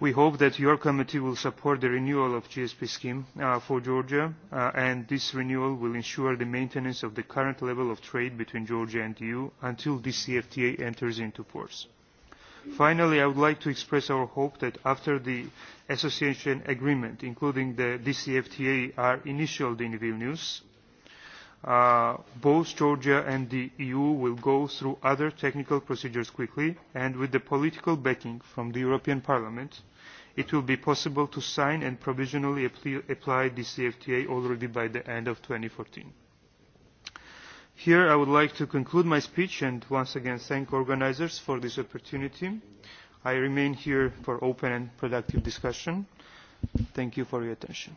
We hope that your committee will support the renewal of the GSP scheme uh, for Georgia, uh, and this renewal will ensure the maintenance of the current level of trade between Georgia and the EU until this CFTA enters into force. Finally, I would like to express our hope that after the association agreement, including the DCFTA, are initialed in Vilnius, Uh, both Georgia and the EU will go through other technical procedures quickly, and with the political backing from the European Parliament, it will be possible to sign and provisionally apply the CFTA already by the end of 2014. Here I would like to conclude my speech and once again thank organizers for this opportunity. I remain here for open and productive discussion. Thank you for your attention.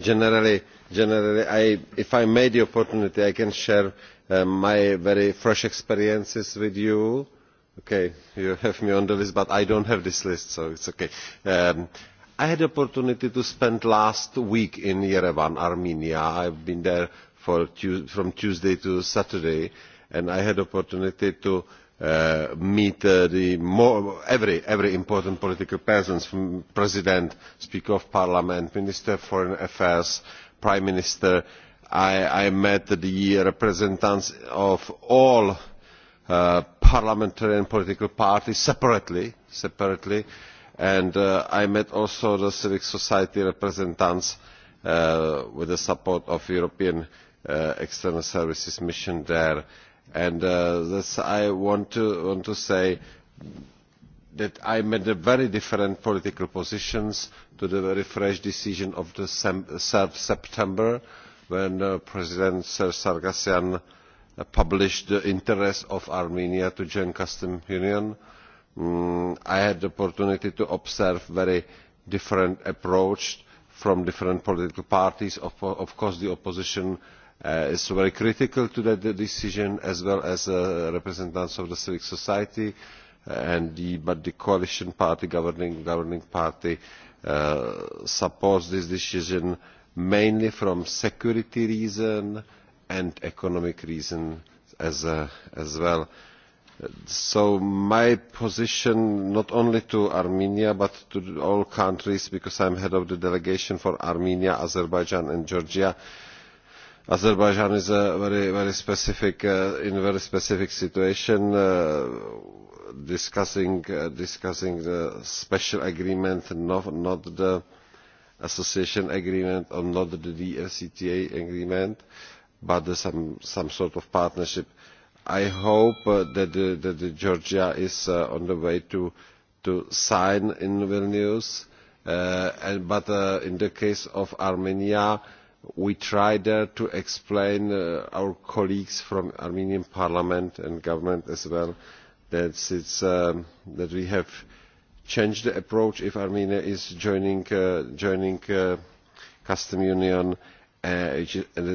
generally if i had the opportunity i can share my very fresh experiences with you. okay you have me on the list but i do not have this list so it is okay. i had the opportunity to spend last week in yerevan armenia. i have been there from tuesday to saturday and i had the opportunity meet every important political person president speaker of parliament minister of foreign affairs prime minister. i met the representatives of all parliamentary and political parties separately and i met also the civil society representatives with the support of the european external services mission there And uh, this I want to, want to say that I am in a very different political positions to the very fresh decision of the September when uh, President Sir Sargassian published the interest of Armenia to join custom union. I had the opportunity to observe very different approach from different political parties. Of, of course, the opposition uh, It is very critical to that decision as well as representatives of civil society and the, but the coalition party, governing, governing party, supports this decision mainly from security reason and economic reason as, as well. So my position, not only to Armenia, but to all countries, because I am head of the delegation for Armenia, Azerbaijan and Georgia, uh, Azerbaijan is a very, very specific, uh, in a very specific situation, uh, discussing, uh, discussing the special agreement, not, not the association agreement or not the DFCTA agreement, but uh, some, some sort of partnership. I hope uh, that, the, that the Georgia is uh, on the way to, to sign in Vilnius, uh, and, but uh, in the case of Armenia, we tried there to explain uh, our colleagues from Armenian parliament and government as well that, it's, um, that we have changed the approach if Armenia is joining, uh, joining uh, custom union uh, and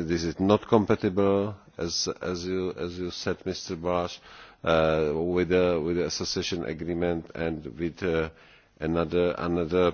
this is not compatible as, as, you, as you said Mr. Balash uh, with, uh, with the association agreement and with uh, another, another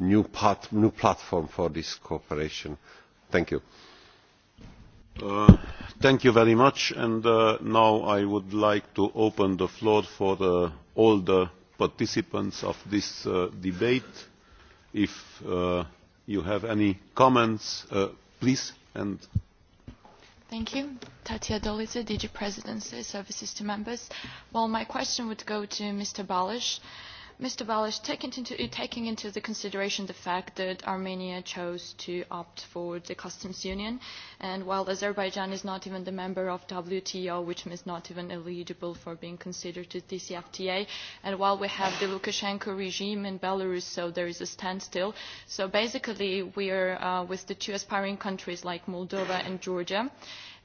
new, path, new platform for this cooperation. Thank you. Uh, thank you very much. And uh, now I would like to open the floor for uh, all the participants of this uh, debate. If uh, you have any comments, uh, please. And Thank you. Tatia Doliza, DG Presidency, Services to Members. Well, my question would go to Mr. Balish. Mr. Balish, taking into, taking into the consideration the fact that Armenia chose to opt for the customs union, and while Azerbaijan is not even the member of WTO, which means not even eligible for being considered to DCFTA, and while we have the Lukashenko regime in Belarus, so there is a standstill. So basically, we are uh, with the two aspiring countries like Moldova and Georgia. Uh,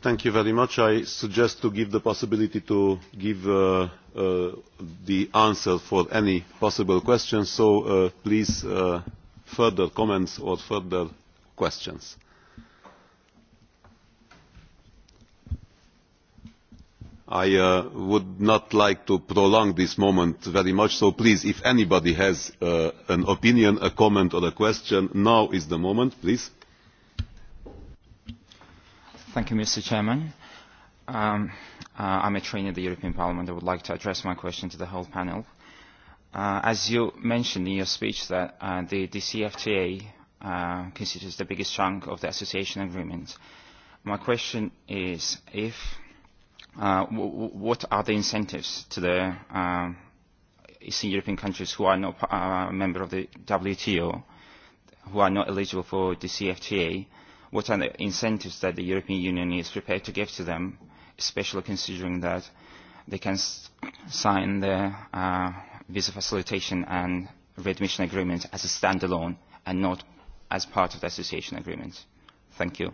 Thank you very much. I suggest to give the possibility to give uh, uh, the answer for any possible questions, So uh, please, uh, further comments or further questions. I uh, would not like to prolong this moment very much, so please, if anybody has uh, an opinion, a comment or a question, now is the moment, please. Thank you, Mr. Chairman. Um, uh, I'm a trainee at the European Parliament. I would like to address my question to the whole panel. Uh, as you mentioned in your speech, that uh, the DCFTA uh, considers the biggest chunk of the association agreement. My question is, if uh, w what are the incentives to the uh, Eastern European countries who are not a uh, member of the WTO, who are not eligible for the DCFTA, what are the incentives that the European Union is prepared to give to them, especially considering that they can sign the uh, visa facilitation and readmission agreement as a standalone and not as part of the association agreement. Thank you.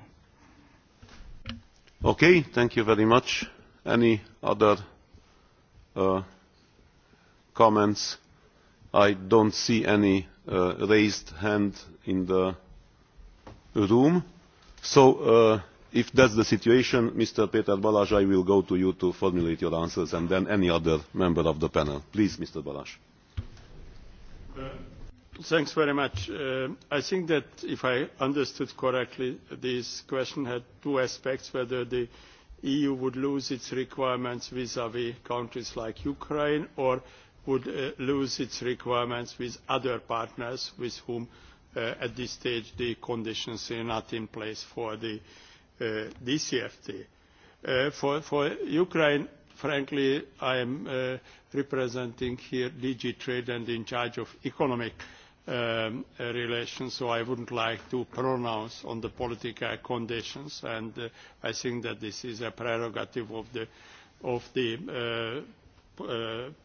Okay, thank you very much. Any other uh, comments? I don't see any uh, raised hand in the room So if that is the situation, Mr. Peter balazs I will go to you to formulate your answers and then any other member of the panel. Please, Mr. Balázs. Thanks very much. I think that if I understood correctly, this question had two aspects, whether the EU would lose its requirements vis-à-vis countries like Ukraine or would lose its requirements with other partners with whom at this stage, the conditions are not in place for the DCFT. For Ukraine, frankly, I am representing here DG Trade and in charge of economic relations, so I wouldn't like to pronounce on the political conditions, and I think that this is a prerogative of the of the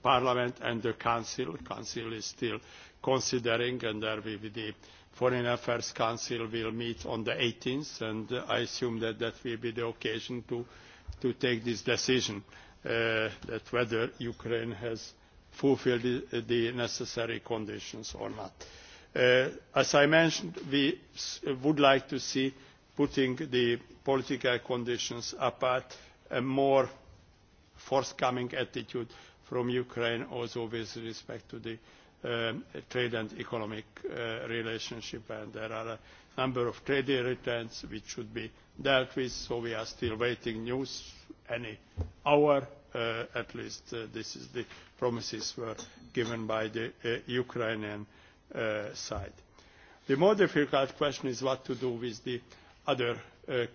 Parliament and the Council. The Council is still considering, and there will be Foreign Affairs Council will meet on the 18th, and I assume that that will be the occasion to, to take this decision that whether Ukraine has fulfilled the necessary conditions or not. as I mentioned, we would like to see, putting the political conditions apart, a more forthcoming attitude from Ukraine also with respect to the trade and economic relationship and there are a number of trade irritants which should be dealt with so we are still waiting news any hour at least this is the promises were given by the Ukrainian side. The more difficult question is what to do with the other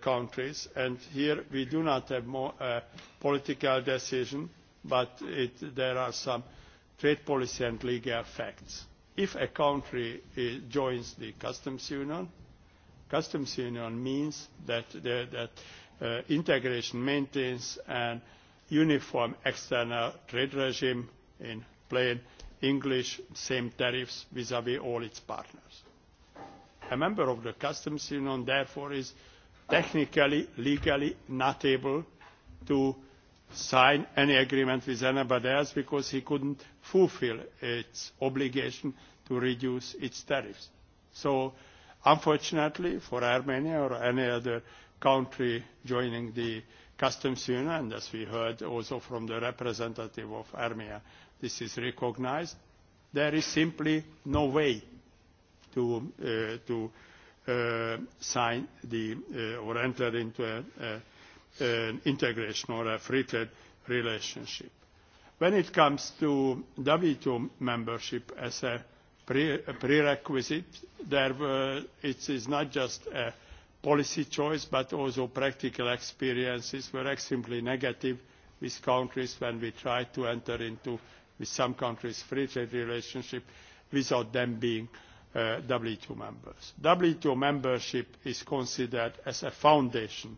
countries and here we do not have more political decision but there are some trade policy and legal facts. If a country joins the customs union, customs union means that, the, that integration maintains an uniform external trade regime in plain English, same tariffs vis-à-vis all its partners. A member of the customs union, therefore, is technically, legally not able to sign any agreement with anybody else because he not fulfil its obligation to reduce its tariffs. So unfortunately for Armenia or any other country joining the customs union, and as we heard also from the representative of Armenia, this is recognised, there is simply no way to, uh, to uh, sign the, uh, or enter into a, a an integration or a free trade relationship. When it comes to WTO membership as a prerequisite, there were, it is not just a policy choice, but also practical experiences were extremely negative with countries when we tried to enter into, with some countries, free trade relationship without them being WTO members. WTO membership is considered as a foundation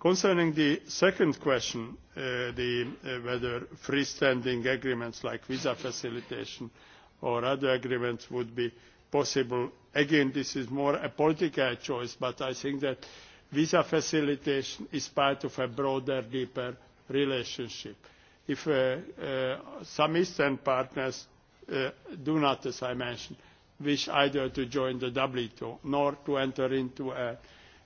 Concerning the second question, whether freestanding agreements like visa facilitation or other agreements would be possible, again, this is more a political choice, but I think that visa facilitation is part of a broader, deeper relationship. If some Eastern partners do not, as I mentioned, wish either to join the WTO nor to enter into a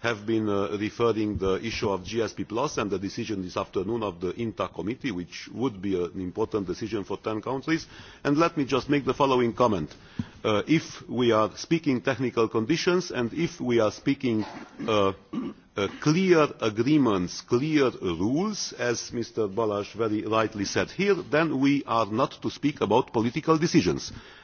have been referring to the issue of GSP Plus and the decision this afternoon of the INTA committee, which would be an important decision for ten countries. And let me just make the following comment. if we are speaking technical conditions and if we are speaking uh, clear agreements, clear rules, as Mr. Balas very rightly said here, then we are not to speak about political decisions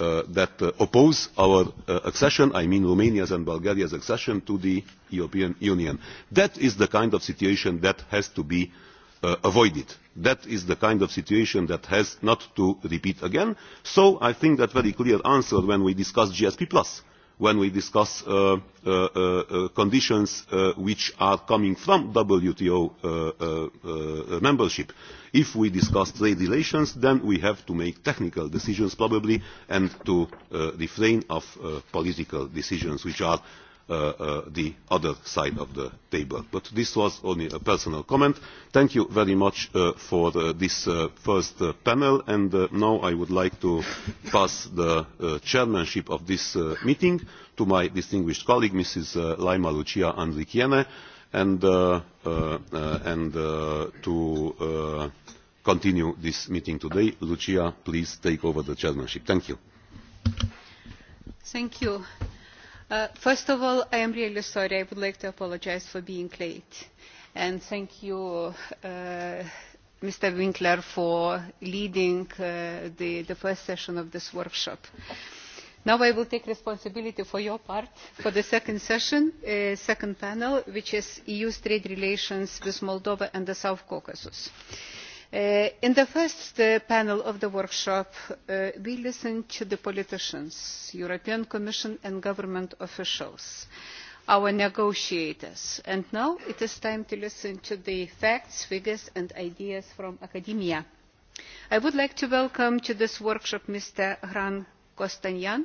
uh, that uh, oppose our uh, accession, I mean Romania's and Bulgaria's accession to the European Union. That is the kind of situation that has to be uh, avoided. That is the kind of situation that has not to repeat again. So I think that very clear answer when we discuss GSP Plus when we discuss uh, uh, uh, conditions uh, which are coming from WTO uh, uh, uh, membership. If we discuss trade relations, then we have to make technical decisions probably and to uh, refrain of uh, political decisions which are the other side of the table. But this was only a personal comment. Thank you very much for this first panel, and now I would like to pass the chairmanship of this meeting to my distinguished colleague, Mrs. Laima Lucia Andrikiene, and, to continue this meeting today. Lucia, please take over the chairmanship. Thank you. Thank you first of all i am really sorry i would like to apologise for being late and thank you mr winkler for leading the first session of this workshop. now i will take responsibility for your part for the second session the second panel which is eu trade relations with moldova and the south caucasus in the first panel of the workshop we listened to the politicians european commission and government officials our negotiators and now it is time to listen to the facts figures and ideas from academia. i would like to welcome to this workshop mr hrant kostanyan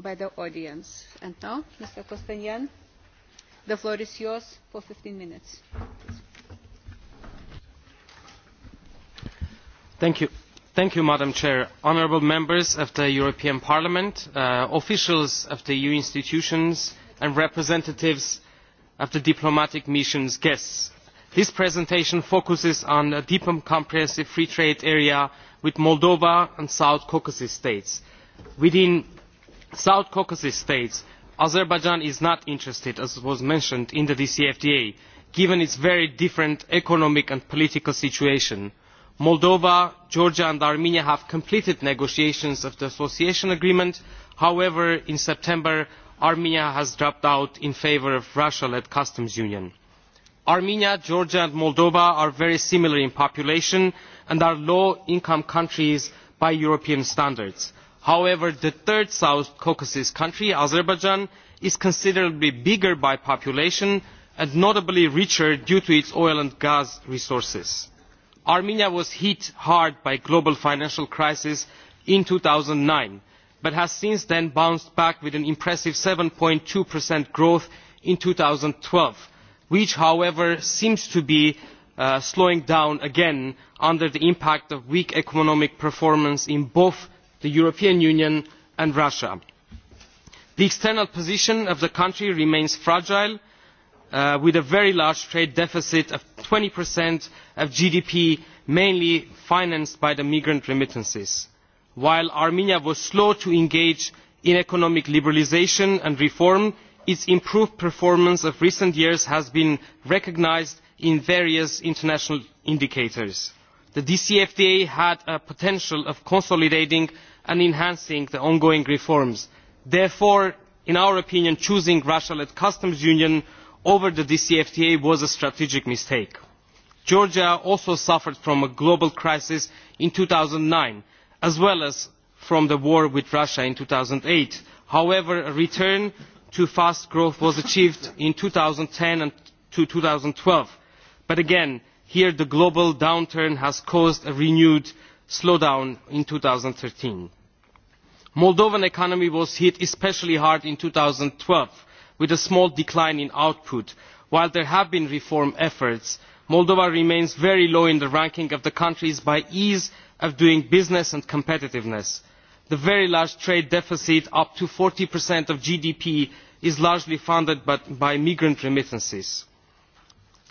by the audience. And now, Mr. Kostanyan, the floor is yours for 15 minutes. Thank you. Thank you, Madam Chair. Honourable members of the European Parliament, uh, officials of the EU institutions, and representatives of the diplomatic missions guests. This presentation focuses on a deep and comprehensive free trade area with Moldova and South Caucasus states. Within south caucasus states azerbaijan is not interested as was mentioned in the dcfta given its very different economic and political situation. moldova georgia and armenia have completed negotiations of the association agreement. however in september armenia has dropped out in favour of russia led customs union. armenia georgia and moldova are very similar in population and are low income countries by european standards however the third south caucasus country azerbaijan is considerably bigger by population and notably richer due to its oil and gas resources. armenia was hit hard by the global financial crisis in two thousand and nine but has since then bounced back with an impressive. seven two growth in two thousand and twelve which however seems to be slowing down again under the impact of weak economic performance in both the european union and russia. the external position of the country remains fragile with a very large trade deficit of twenty of gdp mainly financed by the migrant remittances. while armenia was slow to engage in economic liberalisation and reform its improved performance of recent years has been recognised in various international indicators the dcfta had a potential of consolidating and enhancing the ongoing reforms. therefore in our opinion choosing russia led customs union over the dcfta was a strategic mistake. georgia also suffered from a global crisis in two thousand and nine as well as from the war with russia in. two thousand and eight however a return to fast growth was achieved in two thousand and ten and two thousand and twelve but again here the global downturn has caused a renewed slowdown in. two thousand and thirteen the moldovan economy was hit especially hard in two thousand and twelve with a small decline in output. while there have been reform efforts moldova remains very low in the ranking of the countries by ease of doing business and competitiveness. the very large trade deficit up to forty of gdp is largely funded by migrant remittances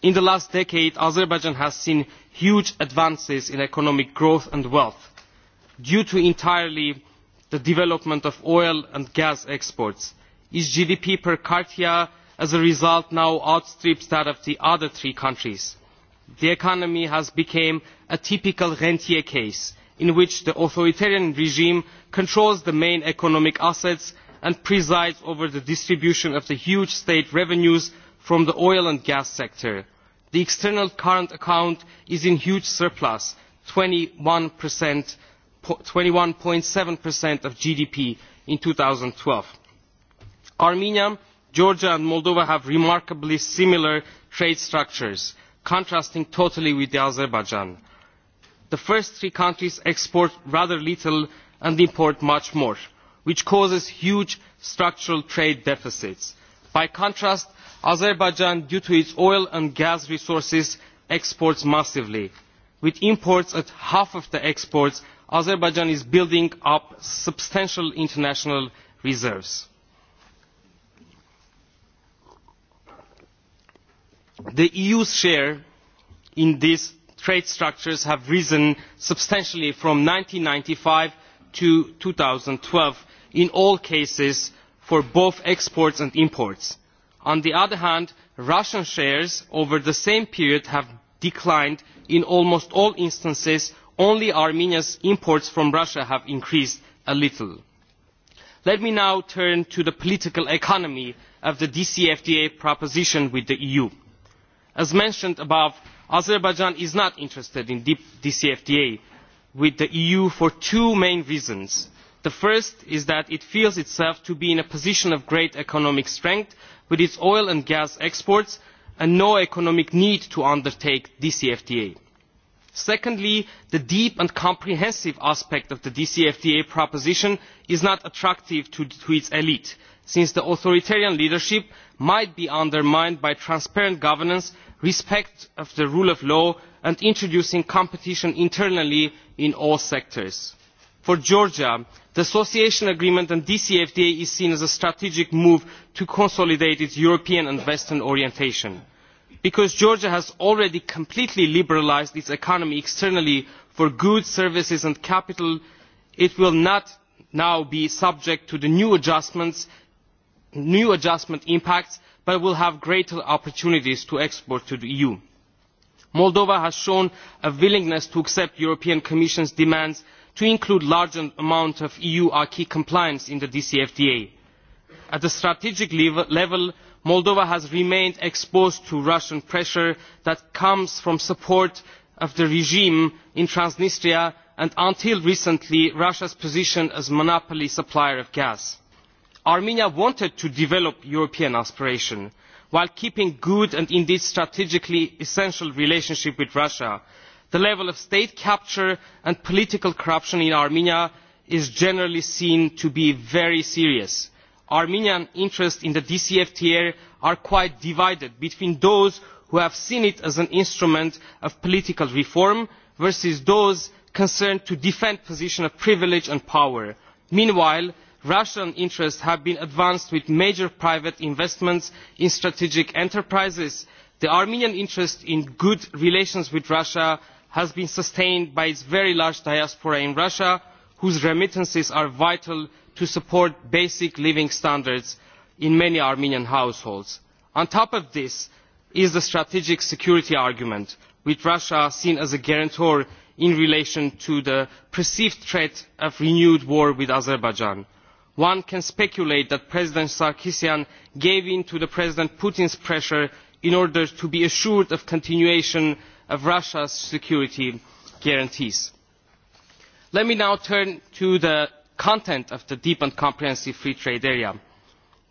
in the last decade azerbaijan has seen huge advances in economic growth and wealth due to entirely the development of oil and gas exports. its gdp per capita as a result now outstrips that of the other three countries. the economy has become a typical rentier case in which the authoritarian regime controls the main economic assets and presides over the distribution of the huge state revenues from the oil and gas sector. The external current account is in huge surplus, twenty one 21.7% of GDP in twelve. Armenia, Georgia and Moldova have remarkably similar trade structures, contrasting totally with Azerbaijan. The first three countries export rather little and import much more, which causes huge structural trade deficits. By contrast, azerbaijan due to its oil and gas resources exports massively. with imports at half of the exports azerbaijan is building up substantial international reserves. the eu's share in these trade structures has risen substantially from one thousand nine hundred and ninety five to two thousand and twelve in all cases for both exports and imports on the other hand russian shares over the same period have declined in almost all instances only armenia's imports from russia have increased a little. let me now turn to the political economy of the dcfta proposition with the eu. as mentioned above azerbaijan is not interested in the dcfta with the eu for two main reasons. the first is that it feels itself to be in a position of great economic strength with its oil and gas exports and no economic need to undertake dcfta. secondly the deep and comprehensive aspect of the dcfta proposition is not attractive to its elite since the authoritarian leadership might be undermined by transparent governance respect for the rule of law and introducing competition internally in all sectors. for georgia the association agreement and dcfta is seen as a strategic move to consolidate its european and western orientation because georgia has already completely liberalised its economy externally for goods services and capital it will not now be subject to the new adjustment impacts but will have greater opportunities to export to the eu. moldova has shown a willingness to accept the european commission's demands to include a large amount of eu acquis compliance in the dcfta. at the strategic level moldova has remained exposed to russian pressure that comes from support of the regime in transnistria and until recently russia's position as a monopoly supplier of gas. armenia wanted to develop european aspirations while keeping good and indeed strategically essential relationship with russia the level of state capture and political corruption in armenia is generally seen to be very serious. armenian interests in the dcfta are quite divided between those who have seen it as an instrument of political reform versus those concerned to defend positions of privilege and power. meanwhile russian interests have been advanced with major private investments in strategic enterprises. the armenian interest in good relations with russia has been sustained by its very large diaspora in russia whose remittances are vital to support basic living standards in many armenian households. on top of this is the strategic security argument with russia seen as a guarantor in relation to the perceived threat of renewed war with azerbaijan. one can speculate that president sarkisian gave in to president putin's pressure in order to be assured of continuation of russia's security guarantees. let me now turn to the content of the deep and comprehensive free trade area.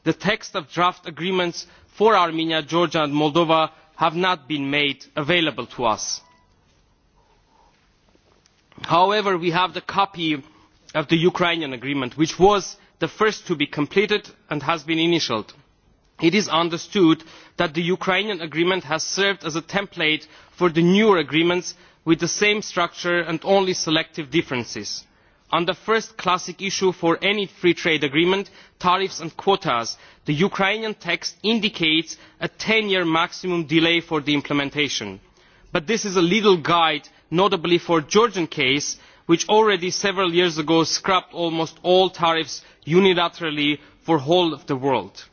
the text of draft agreements for armenia georgia and moldova have not been made available to us. however we have the copy of the ukrainian agreement which was the first to be completed and has been initialled it is understood that the ukrainian agreement has served as a template for the newer agreements with the same structure and only selective differences. on the first classic issue for any free trade agreement tariffs and quotas the ukrainian text indicates a ten year maximum delay for the implementation. but this is a legal guide notably for the georgian case which already several years ago scrapped almost all tariffs unilaterally for the whole of the world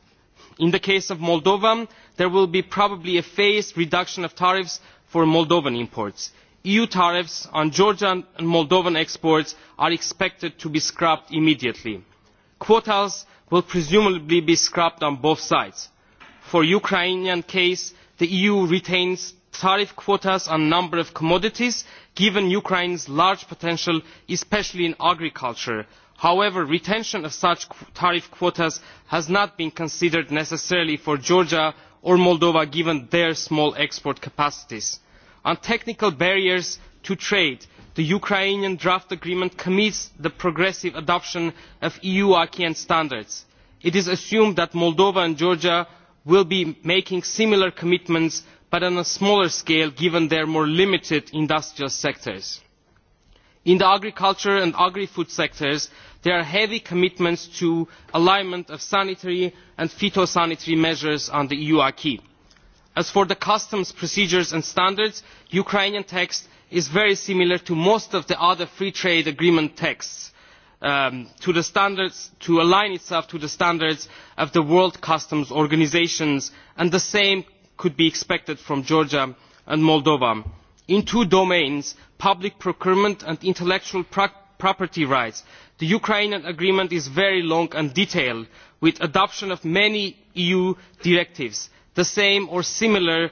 in the case of moldova there will be probably a phased reduction of tariffs for moldovan imports. eu tariffs on georgian and moldovan exports are expected to be scrapped immediately. quotas will presumably be scrapped on both sides. for the ukrainian case the eu retains tariff quotas on a number of commodities given ukraine's large potential especially in agriculture however retention of such tariff quotas has not been considered necessarily for georgia or moldova given their small export capacities. on technical barriers to trade the ukrainian draft agreement commits the progressive adoption of eu acquis standards. it is assumed that moldova and georgia will be making similar commitments but on a smaller scale given their more limited industrial sectors in the agriculture and agri food sectors there are heavy commitments to alignment of sanitary and phytosanitary measures on the eu acquis. as for the customs procedures and standards the ukrainian text is very similar to most of the other free trade agreement texts to align itself to the standards of the world customs organisations and the same could be expected from georgia and moldova in two domains public procurement and intellectual property rights. the ukrainian agreement is very long and detailed with the adoption of many eu directives. the same or similar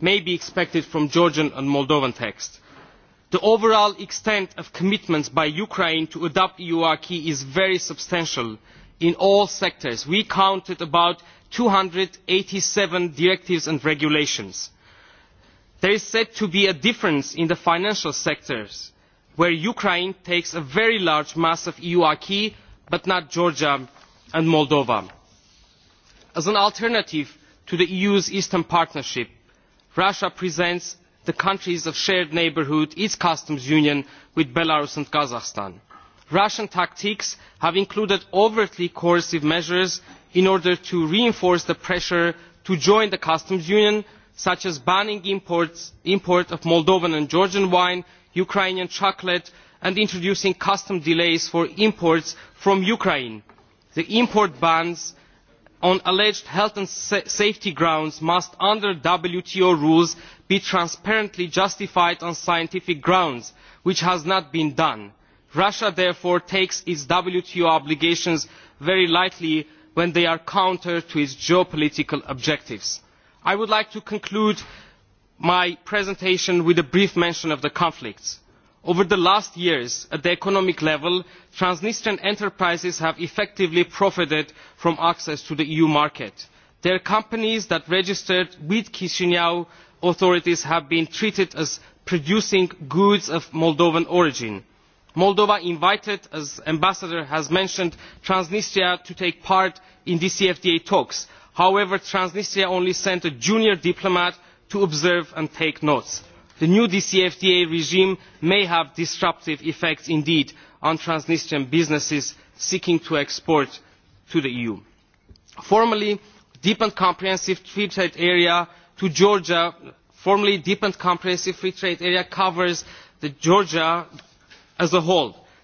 may be expected from the georgian and moldovan texts. the overall extent of commitments by ukraine to adopt eu acquis is very substantial in all sectors. we counted about two hundred and eighty seven directives and regulations there is said to be a difference in the financial sectors where ukraine takes a very large mass of eu acquis but not georgia and moldova. as an alternative to the eu's eastern partnership russia presents the countries of shared neighbourhood its customs union with belarus and kazakhstan. russian tactics have included overtly coercive measures in order to reinforce the pressure to join the customs union such as banning the import of moldovan and georgian wine ukrainian chocolate and introducing custom delays for imports from ukraine. the import bans on alleged health and safety grounds must under wto rules be transparently justified on scientific grounds which has not been done. russia therefore takes its wto obligations very lightly when they are counter to its geopolitical objectives i would like to conclude my presentation with a brief mention of the conflicts. over the last years at the economic level transnistrian enterprises have effectively profited from access to the eu market. their companies that registered with chiinau authorities have been treated as producing goods of moldovan origin. moldova invited as the ambassador has mentioned transnistria to take part in dcfta talks however transnistria only sent a junior diplomat to observe and take notes. the new dcfta regime may have disruptive effects indeed on transnistrian businesses seeking to export to the eu. formally deep and comprehensive free trade area to georgia formally deep and comprehensive free trade area covers georgia as a whole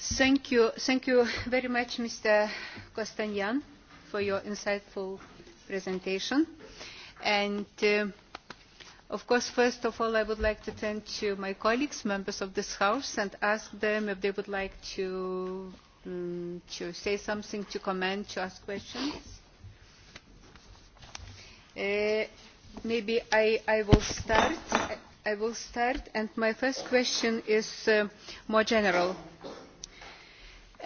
Thank you, thank you very much, Mr. Kostanyan, for your insightful presentation. And uh, of course, first of all, I would like to turn to my colleagues, members of this House, and ask them if they would like to, um, to say something, to comment, to ask questions. Uh, maybe I, I will start. I will start, and my first question is uh, more general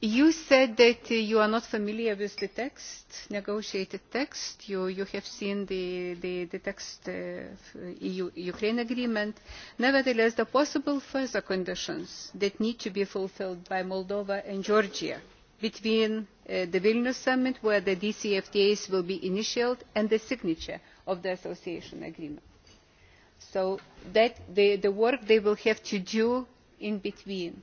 You said that you are not familiar with the text, negotiated text. You, you have seen the, the, the text uh, EU-Ukraine agreement. Nevertheless, the possible further conditions that need to be fulfilled by Moldova and Georgia between uh, the Vilnius summit, where the DCFTAs will be initialed, and the signature of the association agreement. So that the, the work they will have to do in between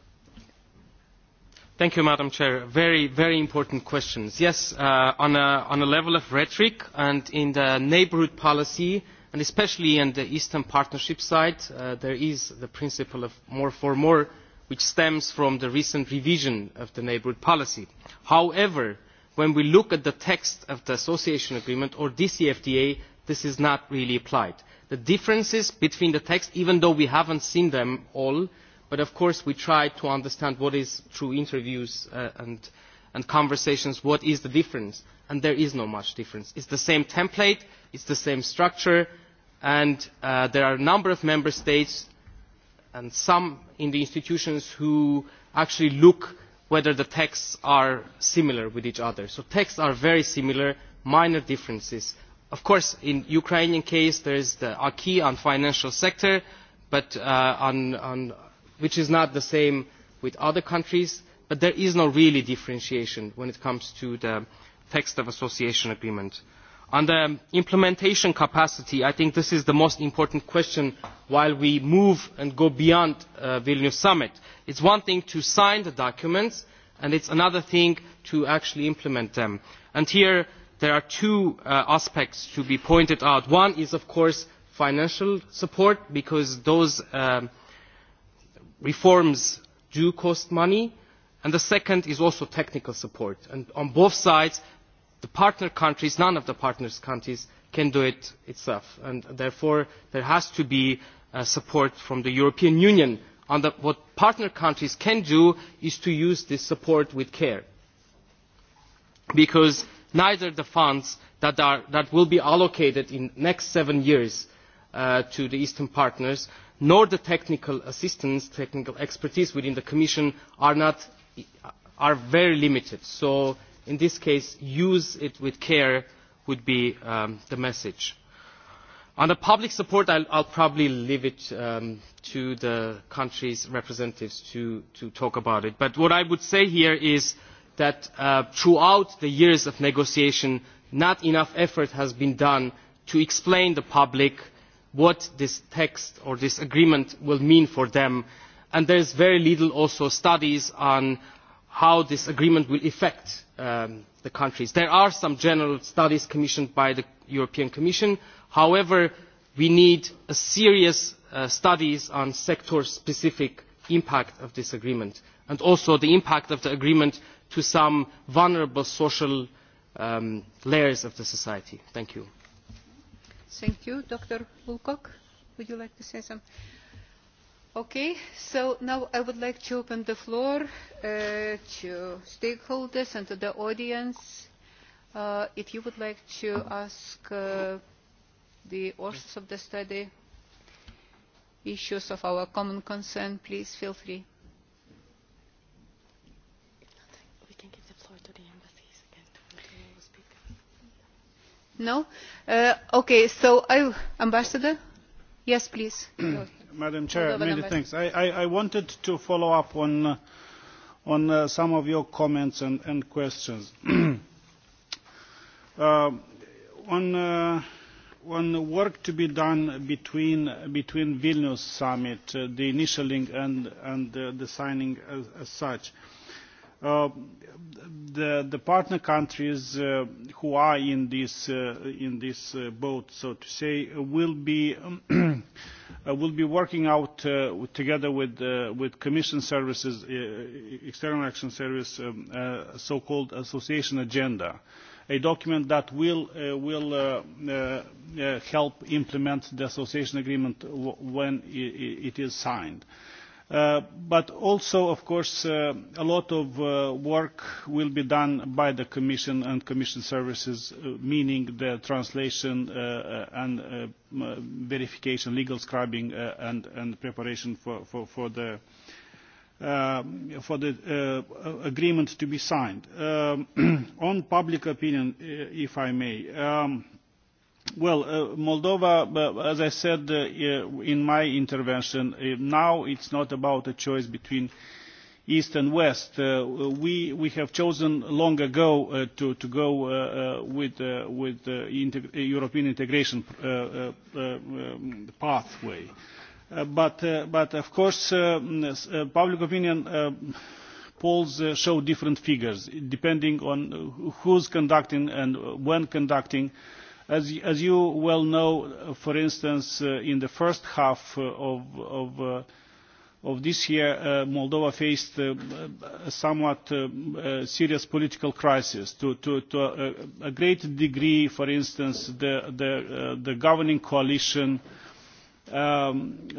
madam president very very important questions. yes on a level of rhetoric and in the neighbourhood policy and especially on the eastern partnership side there is the principle of more for more which stems from the recent revision of the neighbourhood policy. however when we look at the text of the association agreement or dcfta this is not really applied. the differences between the texts even though we have not seen them all but of course we try to understand what is through interviews uh, and, and conversations, what is the difference, and there is no much difference. It's the same template, it's the same structure, and uh, there are a number of member states and some in the institutions who actually look whether the texts are similar with each other. So texts are very similar, minor differences. Of course, in the Ukrainian case, there is the acquis on financial sector, but uh, on, on which is not the same with other countries but there is no real differentiation when it comes to the text of association agreement. on the implementation capacity i think this is the most important question while we move and go beyond the vilnius summit. it is one thing to sign the documents and it is another thing to actually implement them. here there are two aspects to be pointed out. one is of course financial support because those reforms do cost money and the second is also technical support and on both sides the partner countries none of the partner countries can do it itself and therefore there has to be support from the european union on what partner countries can do is to use this support with care because neither the funds that will be allocated in the next seven years to the eastern partners nor the technical assistance, technical expertise within the Commission are, not, are very limited. So in this case, use it with care would be um, the message. On the public support, I'll, I'll probably leave it um, to the country's representatives to, to talk about it. But what I would say here is that uh, throughout the years of negotiation, not enough effort has been done to explain the public uh, what this text or this agreement will mean for them and there is very little studies on how this agreement will affect the countries. there are some general studies commissioned by the european commission. however we need serious studies on sector specific impact of this agreement and also the impact of the agreement on some vulnerable social layers of society. thank you. Thank you. Dr. Wilcock, would you like to say something? Okay, so now I would like to open the floor uh, to stakeholders and to the audience. Uh, if you would like to ask uh, the authors of the study issues of our common concern, please feel free. No? okay, so I, Ambassador? Yes, please. Madam Chair, many thanks. I, I, I wanted to follow up on, on uh, some of your comments and, and questions. uh, on, uh, on work to be done between, between Vilnius summit, uh, the initialing and, and uh, the signing as, as such. Uh, the, the partner countries uh, who are in this uh, in this uh, boat, so to say, will be uh, will be working out uh, together with uh, with Commission services, uh, External Action Service, um, uh, so-called association agenda, a document that will uh, will uh, uh, help implement the association agreement w when it, it is signed but also, of course, uh, a lot of uh, work will be done by the Commission and Commission services, uh, meaning the translation uh, and uh, verification, legal scribing, uh, and, and preparation for, for, for the uh, for the uh, agreement to be signed. Um, on public opinion, if I may, um, Well, uh, Moldova, as I said uh, in my intervention, uh, now it's not about a choice between east and west. Uh, we, we have chosen long ago uh, to, to go uh, uh, with, uh, with uh, integ European integration uh, uh, um, pathway. Uh, but, uh, but of course, uh, public opinion uh, polls uh, show different figures depending on who's conducting and when conducting uh, As you well know, for instance, in the first half of this year, Moldova faced a somewhat serious political crisis. To, a, great degree, for instance, the, governing coalition and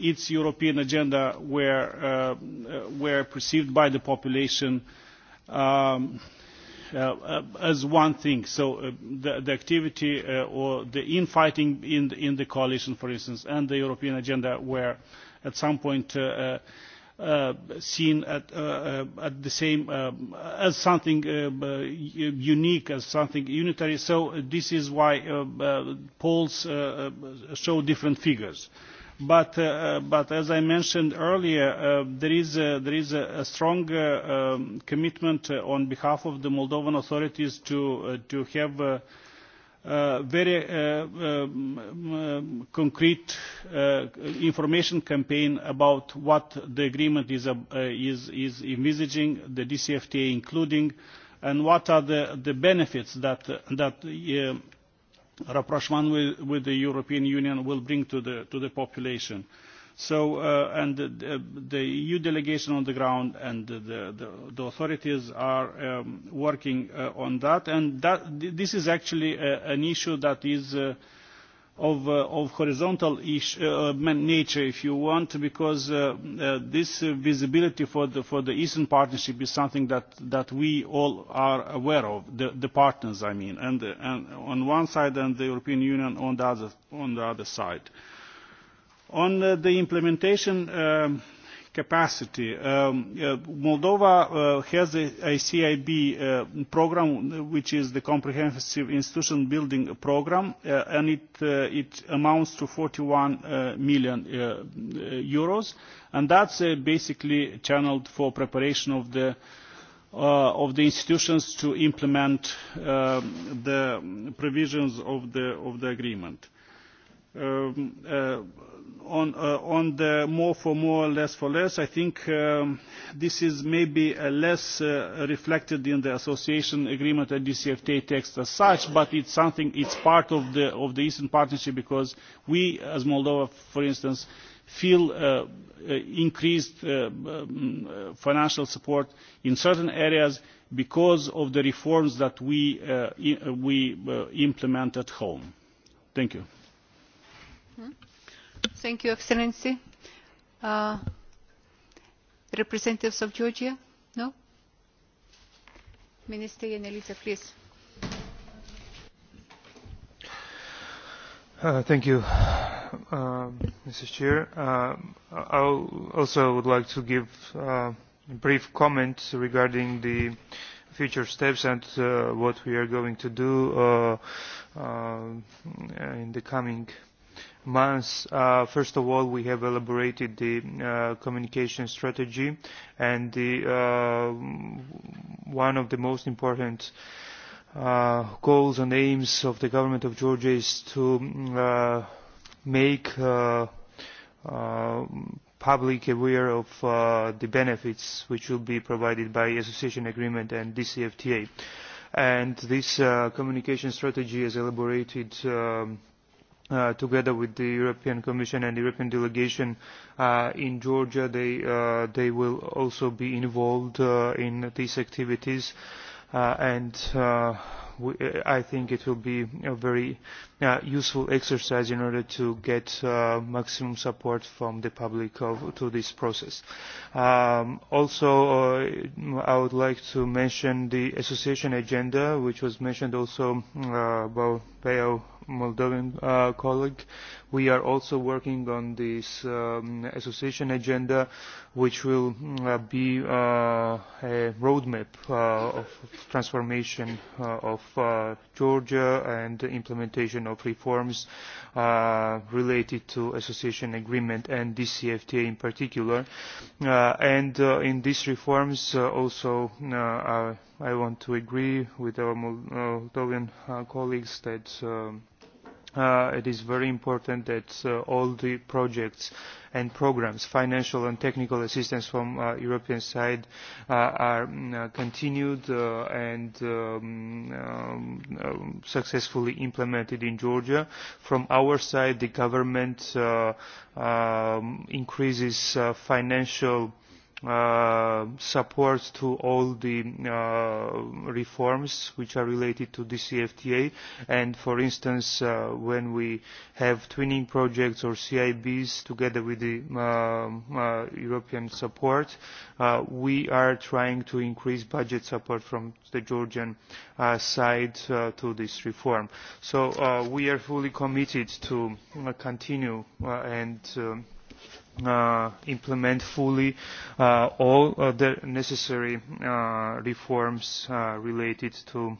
its European agenda were, perceived by the population uh, as one thing. So uh, the, the activity uh, or the infighting in the, in the coalition, for instance, and the European agenda were at some point uh, uh, seen at, uh, at the same uh, as something uh, unique, as something unitary. So this is why uh, uh, polls uh, show different figures. Uh, But uh but as I mentioned earlier, uh there is a strong commitment on behalf of the Moldovan authorities to to have very concrete uh information campaign about what the agreement is is is envisaging, the DCFTA including, and what are the the benefits that rapprochement with, with the European Union will bring to the, to the population. So, uh, and the, the EU delegation on the ground and the, the, the authorities are um, working uh, on that. And that, this is actually a, an issue that is uh, of, uh, of horizontal ish, uh, nature, if you want, because uh, uh, this uh, visibility for the, for the Eastern Partnership is something that, that we all are aware of, the, the partners, I mean, and, and on one side and the European Union on the other, on the other side. On uh, the implementation, um, capacity. Um, uh, Moldova uh, has a, a CIB uh, program, which is the Comprehensive Institution Building Program, uh, and it, uh, it amounts to 41 uh, million uh, euros, and that's uh, basically channeled for preparation of the uh, of the institutions to implement uh, the provisions of the of the agreement. Um, uh, on uh, on the more for more, less for less, I think um, this is maybe uh, less uh, reflected in the association agreement and DCFTA text as such, but it's something. It's part of the of the Eastern Partnership because we, as Moldova, for instance, feel uh, increased uh, financial support in certain areas because of the reforms that we uh, we uh, implement at home. Thank you. Thank you, Excellency. Uh, representatives of Georgia? No? Minister Yenelisa, please. Uh, thank you, uh, Mrs. Chair. Uh, I also would like to give uh, a brief comment regarding the future steps and uh, what we are going to do uh, uh, in the coming uh, months, uh, first of all, we have elaborated the uh, communication strategy, and the, uh, one of the most important uh, goals and aims of the government of Georgia is to uh, make uh, uh, public aware of uh, the benefits which will be provided by association agreement and DCFTA. And this uh, communication strategy is elaborated um, uh, together with the European Commission and the European delegation uh, in Georgia. They, uh, they will also be involved uh, in these activities. Uh, and uh, we, I think it will be a very uh, useful exercise in order to get uh, maximum support from the public of, to this process. Um, also, uh, I would like to mention the association agenda, which was mentioned also uh, by, our Moldovan uh, colleague. We are also working on this um, association agenda, which will uh, be uh, a roadmap uh, of transformation uh, of uh, Georgia and the implementation of reforms uh, related to association agreement and DCFTA in particular. Uh, and uh, in these reforms uh, also uh, uh, I want to agree with our Moldovan uh, colleagues that um, uh, it is very important that uh, all the projects and programs, financial and technical assistance from uh, European side uh, are continued uh, and um, um, successfully implemented in Georgia. From our side, the government uh, um, increases uh, financial uh, support to all the uh, reforms which are related to the CFTA And for instance, uh, when we have twinning projects or CIBs together with the uh, uh, European support, uh, we are trying to increase budget support from the Georgian uh, side uh, to this reform. So uh, we are fully committed to uh, continue uh, and um, uh, implement fully uh, all uh, the necessary uh, reforms uh, related to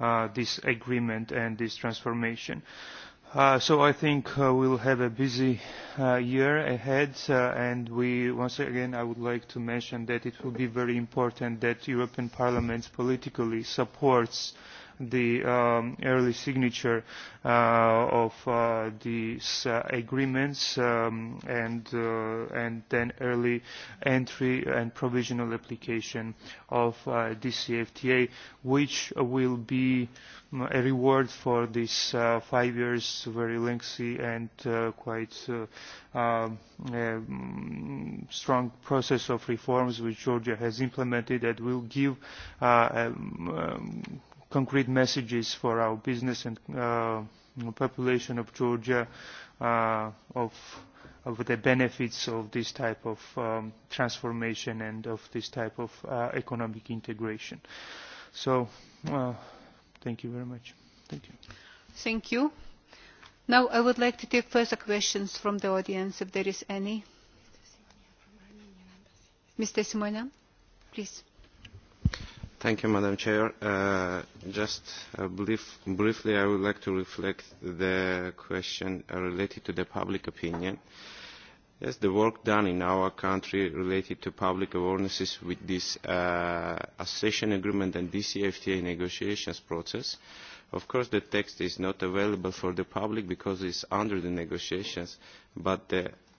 uh, this agreement and this transformation. Uh, so I think uh, we'll have a busy uh, year ahead, uh, and we once again I would like to mention that it will be very important that European Parliament politically supports uh, the um, early signature uh, of uh, these uh, agreements um, and, uh, and then early entry and provisional application of uh, DCFTA, which will be a reward for this uh, five years, very lengthy and uh, quite uh, uh, strong process of reforms which Georgia has implemented that will give uh, um, concrete messages for our business and uh, population of Georgia uh, of, of the benefits of this type of um, transformation and of this type of uh, economic integration. So uh, thank you very much. Thank you. Thank you. Now I would like to take further questions from the audience if there is any. Mr. Simonian, please. Thank you, Madam Chair. Uh, just brief, briefly, I would like to reflect the question related to the public opinion. Yes, the work done in our country related to public awarenesses with this uh, accession agreement and DCFTA negotiations process. Of course, the text is not available for the public because it's under the negotiations, but the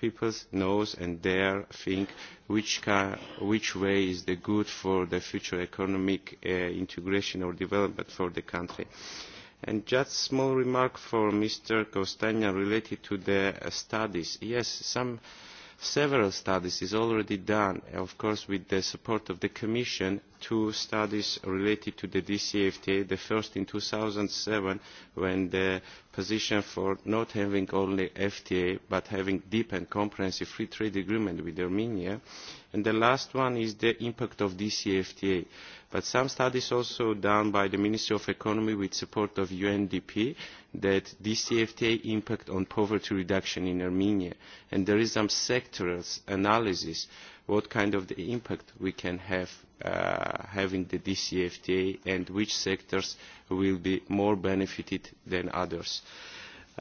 people know and dare think which, car, which way is the good for the future economic uh, integration or development for the country. And just small remark for Mr. Costagna related to the uh, studies. Yes, some uh, several studies is already done, of course, with the support of the Commission, two studies related to the DCFTA, the first in 2007 when the position for not having only FTA but having deep and comprehensive free trade agreement with Armenia uh, And the last one is the impact of DCFTA. But some studies also done by the Ministry of Economy with support of UNDP that DCFTA impact on poverty reduction in Armenia. And there is some sectoral analysis what kind of the impact we can have uh, having the DCFTA and which sectors will be more benefited than others. Uh,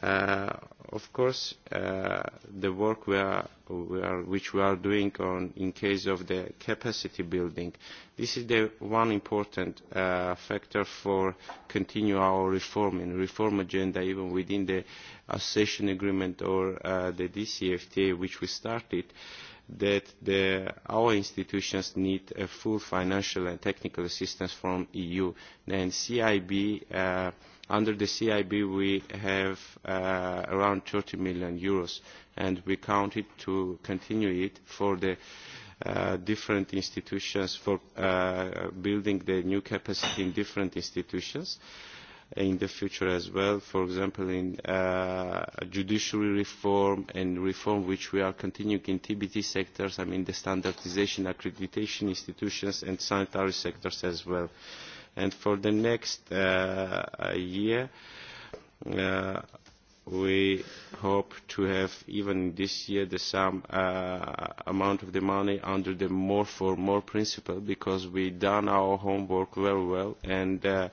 Uh, of course, uh, the work we are, we are, which we are doing on, in case of the capacity building, this is the one important uh, factor for continue our reform and reform agenda even within the accession agreement or uh, the DCFTA which we started that the, our institutions need a full financial and technical assistance from EU. Then CIB uh, Under the CIB, we have uh, around 30 million euros, and we count it to continue it for the uh, different institutions for uh, building the new capacity in different institutions in the future as well, for example, in uh, judiciary reform and reform which we are continuing in TBT sectors, I mean the standardization, accreditation institutions and sanitary sectors as well. Uh, And for the next uh, year, uh, we hope to have even this year the same uh, amount of the money under the more for more principle because we done our homework very well and uh,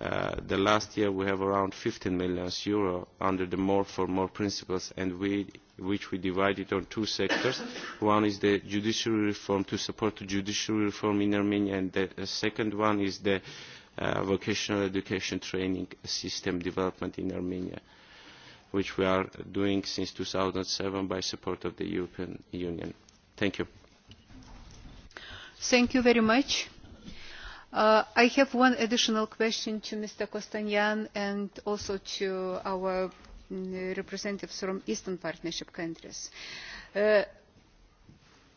uh, the last year we have around 15 million euro under the more for more principles and we which we divided on two sectors. One is the judiciary reform to support judiciary reform in Armenia, and the second one is the uh, vocational education training system development in Armenia, which we are doing since 2007 by support of the European Union. Thank you. Thank you very much. Uh, I have one additional question to Mr. Kostanyan and also to our representatives from Eastern Partnership countries.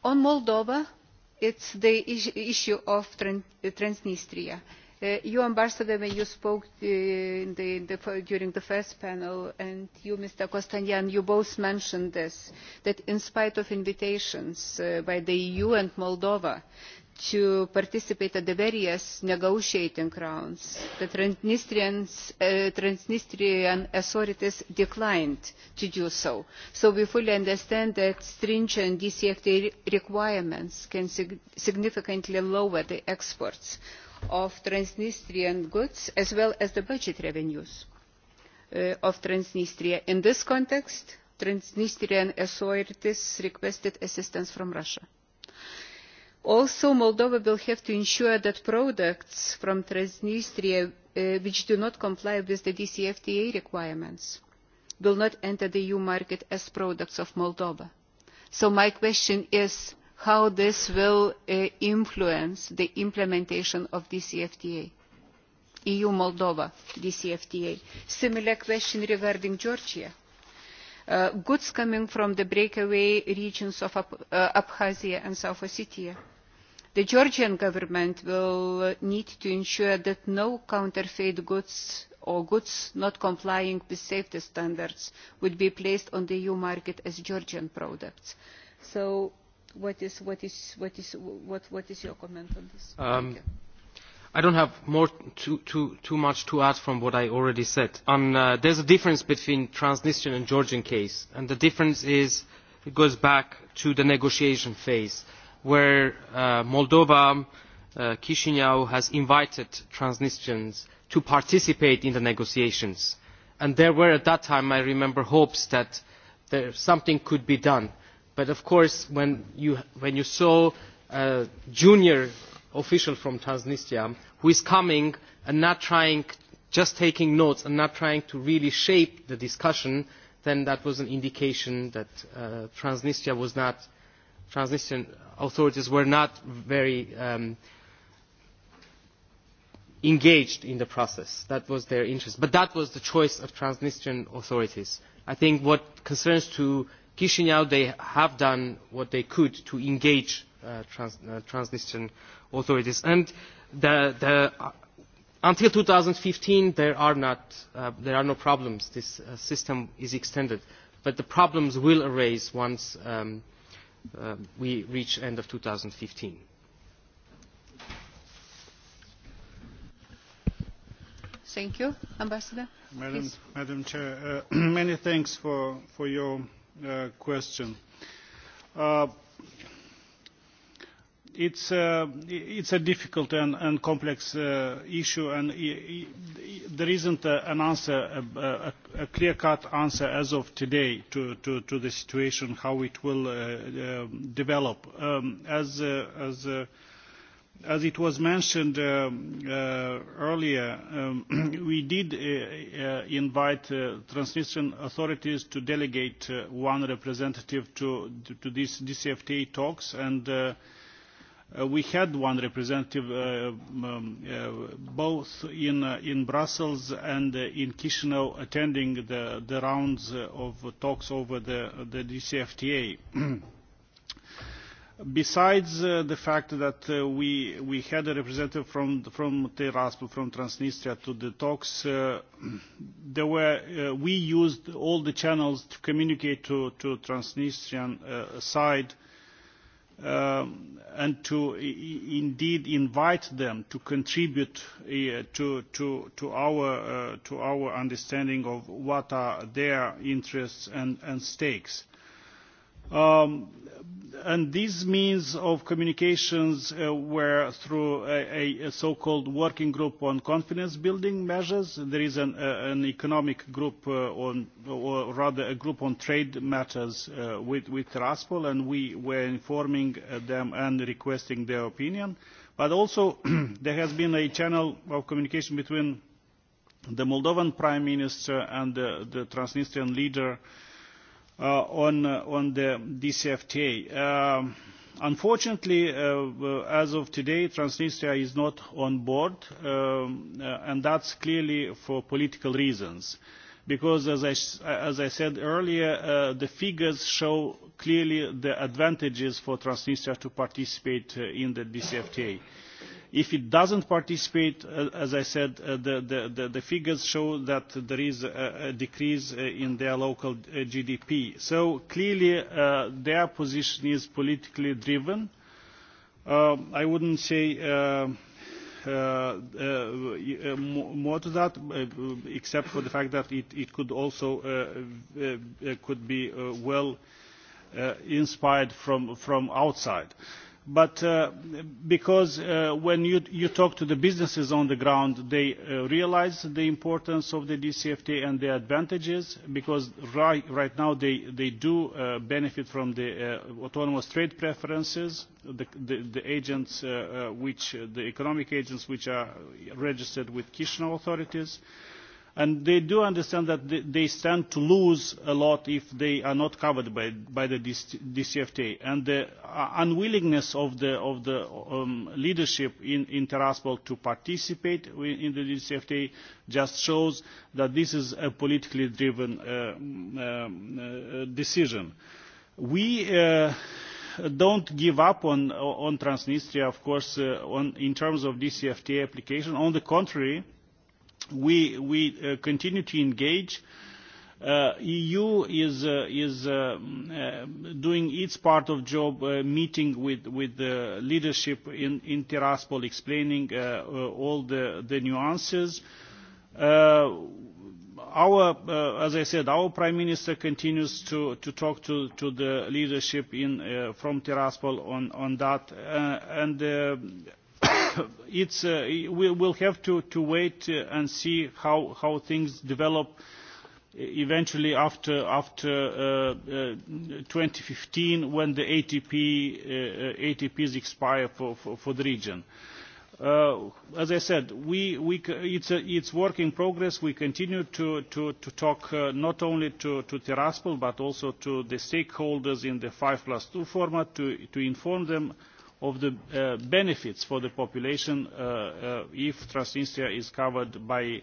on Moldova, it's the issue of Transnistria. you, Ambassador, when you spoke during the first panel, and you, Mr. Kostanyan, you both mentioned this, that in spite of invitations by the EU and Moldova, to participate at the various negotiating rounds. The Transnistrian authorities declined to do so. So we fully understand that stringent DCFTA requirements can significantly lower the exports of Transnistrian goods as well as the budget revenues of Transnistria. In this context, Transnistrian authorities requested assistance from Russia also moldova will have to ensure that products from transnistria which do not comply with the dcfta requirements will not enter the eu market as products of moldova. so my question is how this will influence the implementation of dcfta eu moldova dcfta. similar question regarding georgia goods coming from the breakaway regions of abkhazia and south ossetia the georgian government will need to ensure that no counterfeit goods or goods not complying with safety standards would be placed on the eu market as georgian products. so what is, what is, what is, what, what is your comment on this? Um, I don't have more too, too, too much to add from what I already said. On, uh, there's a difference between Transnistrian and Georgian case, and the difference is it goes back to the negotiation phase where Moldova, Chisinau has invited Transnistrians to participate in the negotiations. And there were at that time, I remember, hopes that something could be done. But of course, when you, when you saw a junior official from Transnistria who is coming and not trying, just taking notes and not trying to really shape the discussion, then that was an indication that Transnistria was not transition authorities were not very um, engaged in the process. That was their interest. But that was the choice of Transnistrian authorities. I think what concerns to Chisinau, they have done what they could to engage uh, trans, uh, Transnistrian authorities. And the, the, uh, until 2015, there are, not, uh, there are no problems. This uh, system is extended. But the problems will arise once um, we reach end of 2015. Thank you. Ambassador? Madam, Madam Chair, uh, many thanks for, for your uh, question. Uh, it's uh it's a difficult and, and complex uh, issue, and there isn't a, an answer, a, a, a clear-cut answer as of today to, to, to the situation, how it will uh, uh, develop. Um, as uh, as uh, as it was mentioned um, uh, earlier, um, we did uh, uh, invite uh, Transnistrian authorities to delegate uh, one representative to, to, to this DCFTA talks, and. Uh, we had one representative uh, um, uh, both in, uh, in Brussels and uh, in Chisinau attending the, the rounds of talks over the, the DCFTA. Besides uh, the fact that uh, we, we had a representative from, from Tiraspol, from Transnistria to the talks, uh, there were, uh, we used all the channels to communicate to, to Transnistrian uh, side uh, and to indeed invite them to contribute to, our, understanding of what are their interests and, stakes Um, and these means of communications uh, were through a, a so-called working group on confidence building measures. There is an, uh, an economic group uh, on, or rather a group on trade matters uh, with, with Raspol, and we were informing them and requesting their opinion. But also there has been a channel of communication between the Moldovan Prime Minister and the, the Transnistrian leader uh, on on the DCFTA. Unfortunately, as of today, Transnistria is not on board, and that's clearly for political reasons. Because, as I, as I said earlier, the figures show clearly the advantages for Transnistria to participate in the DCFTA If it doesn't participate, as I said, the figures show that there is a decrease in their local GDP. So clearly, their position is politically driven. I wouldn't say more to that, except for the fact that it it could also could be well inspired from outside but because when you talk to the businesses on the ground, they realise the importance of the DCFTA and the advantages, because right now they do benefit from the autonomous trade preferences, the agents which the economic agents which are registered with Chisinau authorities and they do understand that they stand to lose a lot if they are not covered by, by the DCFTA. And the unwillingness of the, of the um, leadership in, in Tiraspol to participate in the DCFTA just shows that this is a politically driven uh, um, uh, decision. We uh, don't give up on, on Transnistria, of course, uh, on, in terms of DCFTA application. On the contrary, we we uh, continue to engage. Uh, EU is uh, is uh, uh, doing its part of job, uh, meeting with with the leadership in in Tiraspol, explaining uh, uh, all the the nuances. Uh, our, uh, as I said, our prime minister continues to, to talk to, to the leadership in, uh, from Tiraspol on, on that, uh, and uh, it's, uh, we will have to, to wait and see how, how things develop eventually after, after uh, uh, 2015 when the ATP, uh, ATPs expire for, for, for the region. Uh, as I said, we, we, it's, a, it's work in progress. We continue to, to, to talk uh, not only to, to Tiraspol but also to the stakeholders in the 5 plus 2 format to, to inform them of the benefits for the population if Transnistria is covered by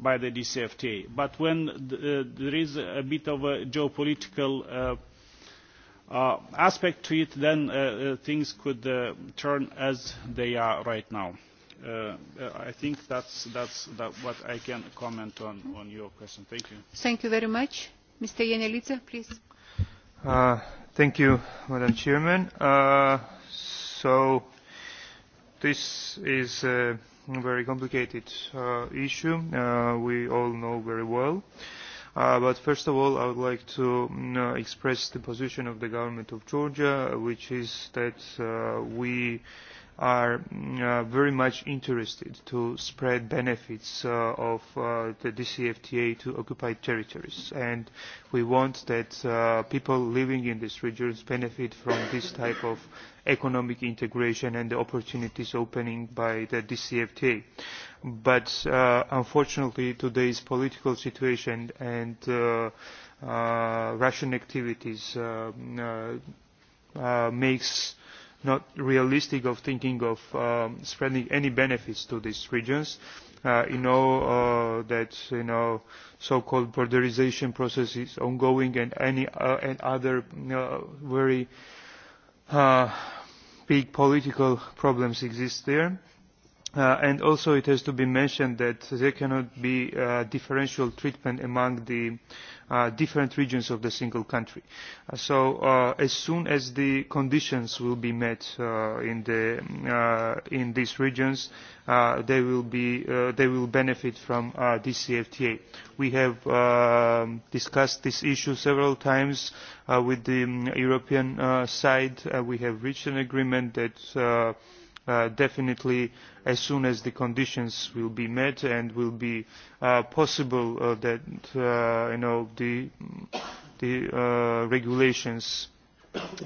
the DCFTA. But when there is a bit of a geopolitical aspect to it, then things could turn as they are right now. I think that's, that's what I can comment on, on your question. Thank you. Thank you very much. Mr. Yanelica, please. Uh, thank you, Madam Chairman. Uh, So this is a very complicated uh, issue. Uh, we all know very well. Uh, but first of all, I would like to uh, express the position of the government of Georgia, which is that uh, we uh, are uh, very much interested to spread benefits uh, of uh, the DCFTA to occupied territories. And we want that uh, people living in these regions benefit from this type of economic integration and the opportunities opening by the DCFTA. But uh, unfortunately, today's political situation and uh, uh, Russian activities uh, uh, makes not realistic of thinking of um, spreading any benefits to these regions. Uh, you know uh, that you know so-called borderization process is ongoing, and any uh, and other know, very uh, big political problems exist there and also it has to be mentioned that there cannot be uh, differential treatment among the uh, different regions of the single country. Uh, so uh, as soon as the conditions will be met uh, in, the, uh, in these regions, uh, they, will be, uh, they will benefit from uh, this CFTA. We have uh, discussed this issue several times uh, with the European uh, side. Uh, we have reached an agreement that uh, definitely as soon as the conditions will be met and will be uh, possible uh, that uh, you know the the uh, regulations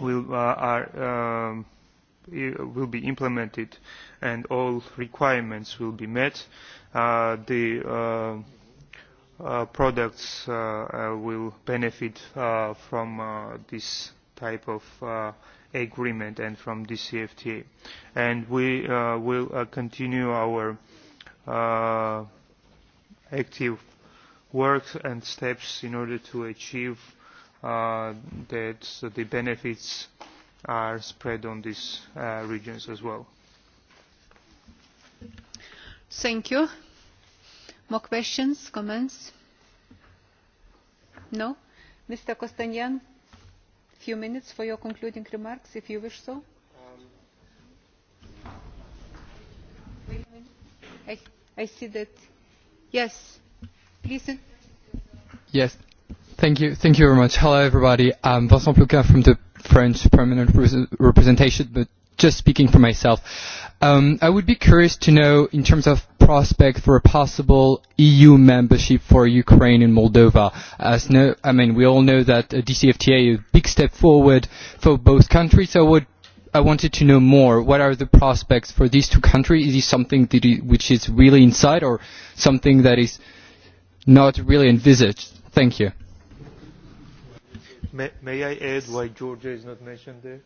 will uh, are um, will be implemented and all requirements will be met uh, the uh, uh, products uh, uh, will benefit uh, from uh, this type of uh, agreement and from the CFTA. And we uh, will uh, continue our uh, active work and steps in order to achieve uh, that the benefits are spread on these uh, regions as well. Thank you. More questions, comments? No? Mr. Kostanyan, few minutes for your concluding remarks, if you wish so. I, I see that. Yes. Please. Yes. Thank you. Thank you very much. Hello, everybody. I'm Vincent Plouquin from the French Permanent Representation, but just speaking for myself. Um, I would be curious to know, in terms of prospect for a possible EU membership for Ukraine and Moldova? As no, I mean, we all know that a DCFTA is a big step forward for both countries. So I would I wanted to know more. What are the prospects for these two countries? Is this something that is, which is really inside or something that is not really envisaged? Thank you. May, may I add why Georgia is not mentioned there?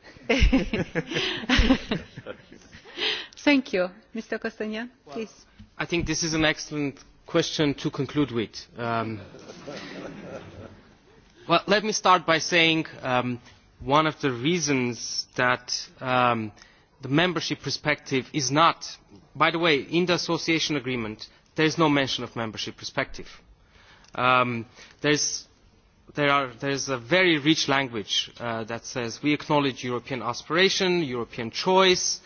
Thank you. Mr. well, please. I think this is an excellent question to conclude with. Um, well, let me start by saying um, one of the reasons that um, the membership perspective is not, by the way, in the association agreement, there is no mention of membership perspective. Um, there's, there are, there's a very rich language uh, that says we acknowledge European aspiration, European choice,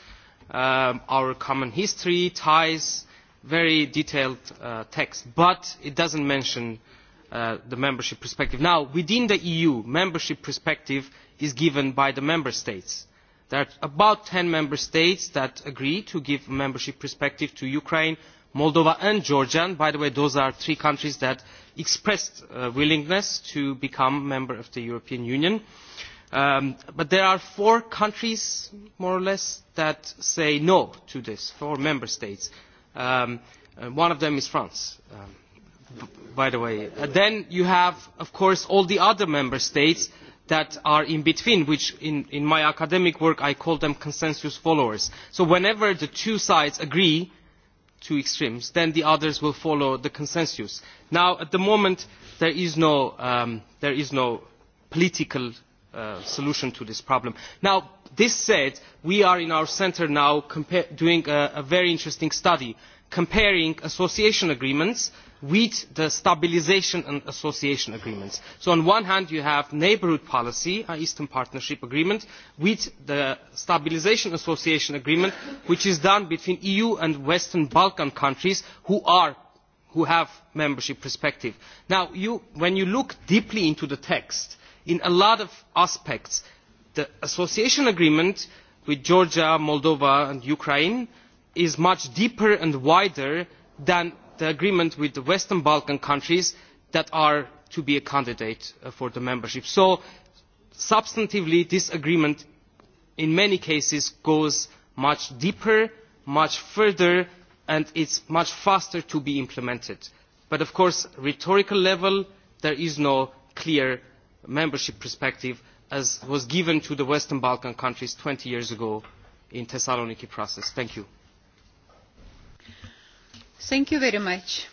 um, our common history, ties, very detailed uh, text, but it doesn't mention uh, the membership perspective. Now, within the EU, membership perspective is given by the member states. There are about 10 member states that agree to give membership perspective to Ukraine, Moldova and Georgia. And by the way, those are three countries that expressed uh, willingness to become member of the European Union. Um, but there are four countries, more or less, that say no to this, four member states Um, one of them is France, um, by the way. then you have, of course, all the other member states that are in between, which in, in my academic work I call them consensus followers. So whenever the two sides agree, two extremes, then the others will follow the consensus. Now, at the moment, there is no, um, there is no political solution to this problem. Now, this said, we are in our centre now doing a, a very interesting study comparing association agreements with the stabilisation and association agreements. So on one hand you have neighbourhood policy, an Eastern Partnership Agreement, with the stabilisation association agreement which is done between EU and Western Balkan countries who are who have membership perspective. Now, you, when you look deeply into the text, in a lot of aspects. the association agreement with georgia moldova and ukraine is much deeper and wider than the agreement with the western balkan countries that are to be a candidate for membership. so substantively this agreement in many cases goes much deeper much further and it is much faster to be implemented. but of course at rhetorical level there is no clear membership perspective as was given to the Western Balkan countries twenty years ago in the Thessaloniki process. Thank you. Thank you very much.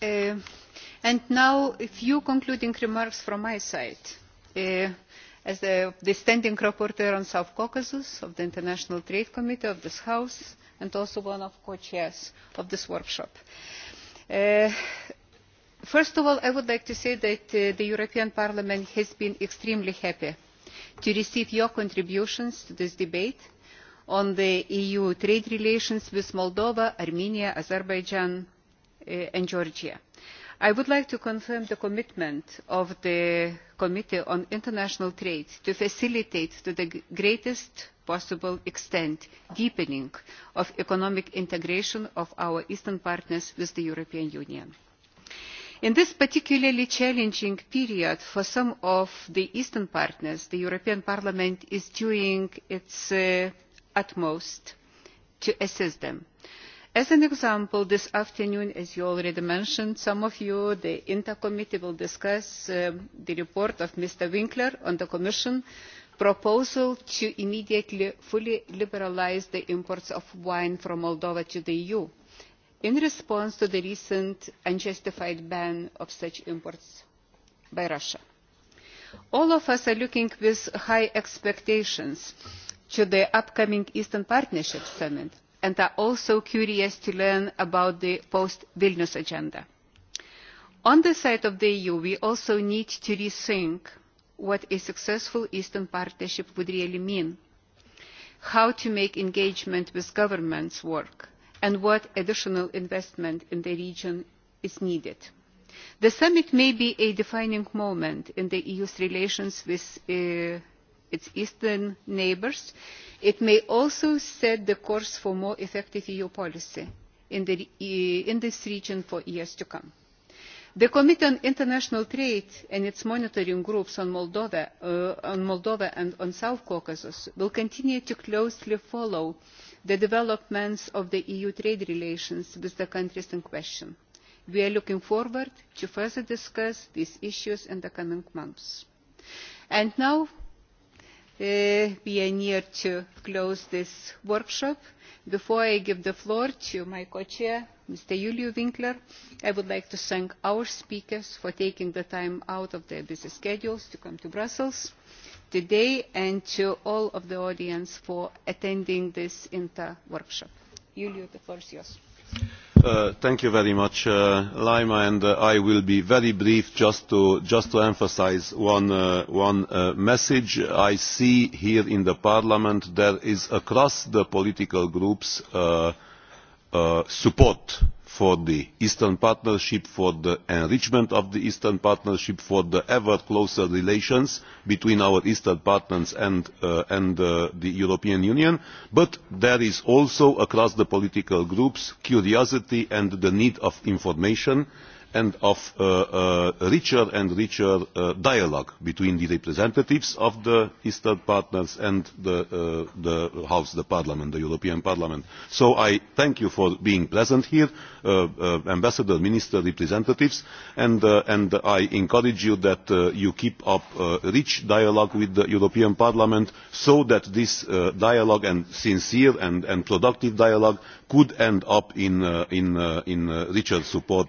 and now a few concluding remarks from my side. as the, the standing rapporteur on South Caucasus of the International Trade Committee of this House and also one of co-chairs of this workshop first of all i would like to say that the european parliament has been extremely happy to receive your contributions to this debate on the eu trade relations with moldova armenia azerbaijan and georgia. i would like to confirm the commitment of the committee on international trade to facilitate to the greatest possible extent deepening of economic integration of our eastern partners with the european union in this particularly challenging period for some of the eastern partners the european parliament is doing its utmost to assist them. as an example this afternoon as you already mentioned some of you the inta committee will discuss the report of mr winkler on the commission proposal to immediately fully liberalise the imports of wine from moldova to the eu in response to the recent unjustified ban of such imports by russia. all of us are looking with high expectations to the upcoming eastern partnership summit and are also curious to learn about the post vilnius agenda. on the side of the eu we also need to rethink what a successful eastern partnership would really mean how to make engagement with governments work and what additional investment in the region is needed. The summit may be a defining moment in the EU's relations with its eastern neighbours. It may also set the course for more effective EU policy in, this region for years to come. The Committee on International Trade and its monitoring groups on Moldova, and on South Caucasus will continue to closely follow uh, the developments of eu trade relations with the countries in question. we are looking forward to further discussing these issues in the coming months. and now we are near to close this workshop. Before I give the floor to my co-chair, Mr. Julio Winkler, I would like to thank our speakers for taking the time out of their busy schedules to come to Brussels today and to all of the audience for attending this inter workshop. Julio, the floor is yours. Thank you very much, Laima, and I will be very brief just to emphasise one message. I see here in the parliament there is across the political groups support for the Eastern Partnership, for the enrichment of the Eastern Partnership, for the ever closer relations between our Eastern partners and, uh, and uh, the European Union. But there is also, across the political groups, curiosity and the need of information and of uh, uh, richer and richer uh, dialogue between the representatives of the Eastern partners and the, uh, the House, the Parliament, the European Parliament. So I thank you for being present here, uh, uh, Ambassador, Minister, representatives, and, uh, and I encourage you that uh, you keep up uh, rich dialogue with the European Parliament so that this uh, dialogue and sincere and, and productive dialogue could end up in, uh, in, uh, in uh, richer support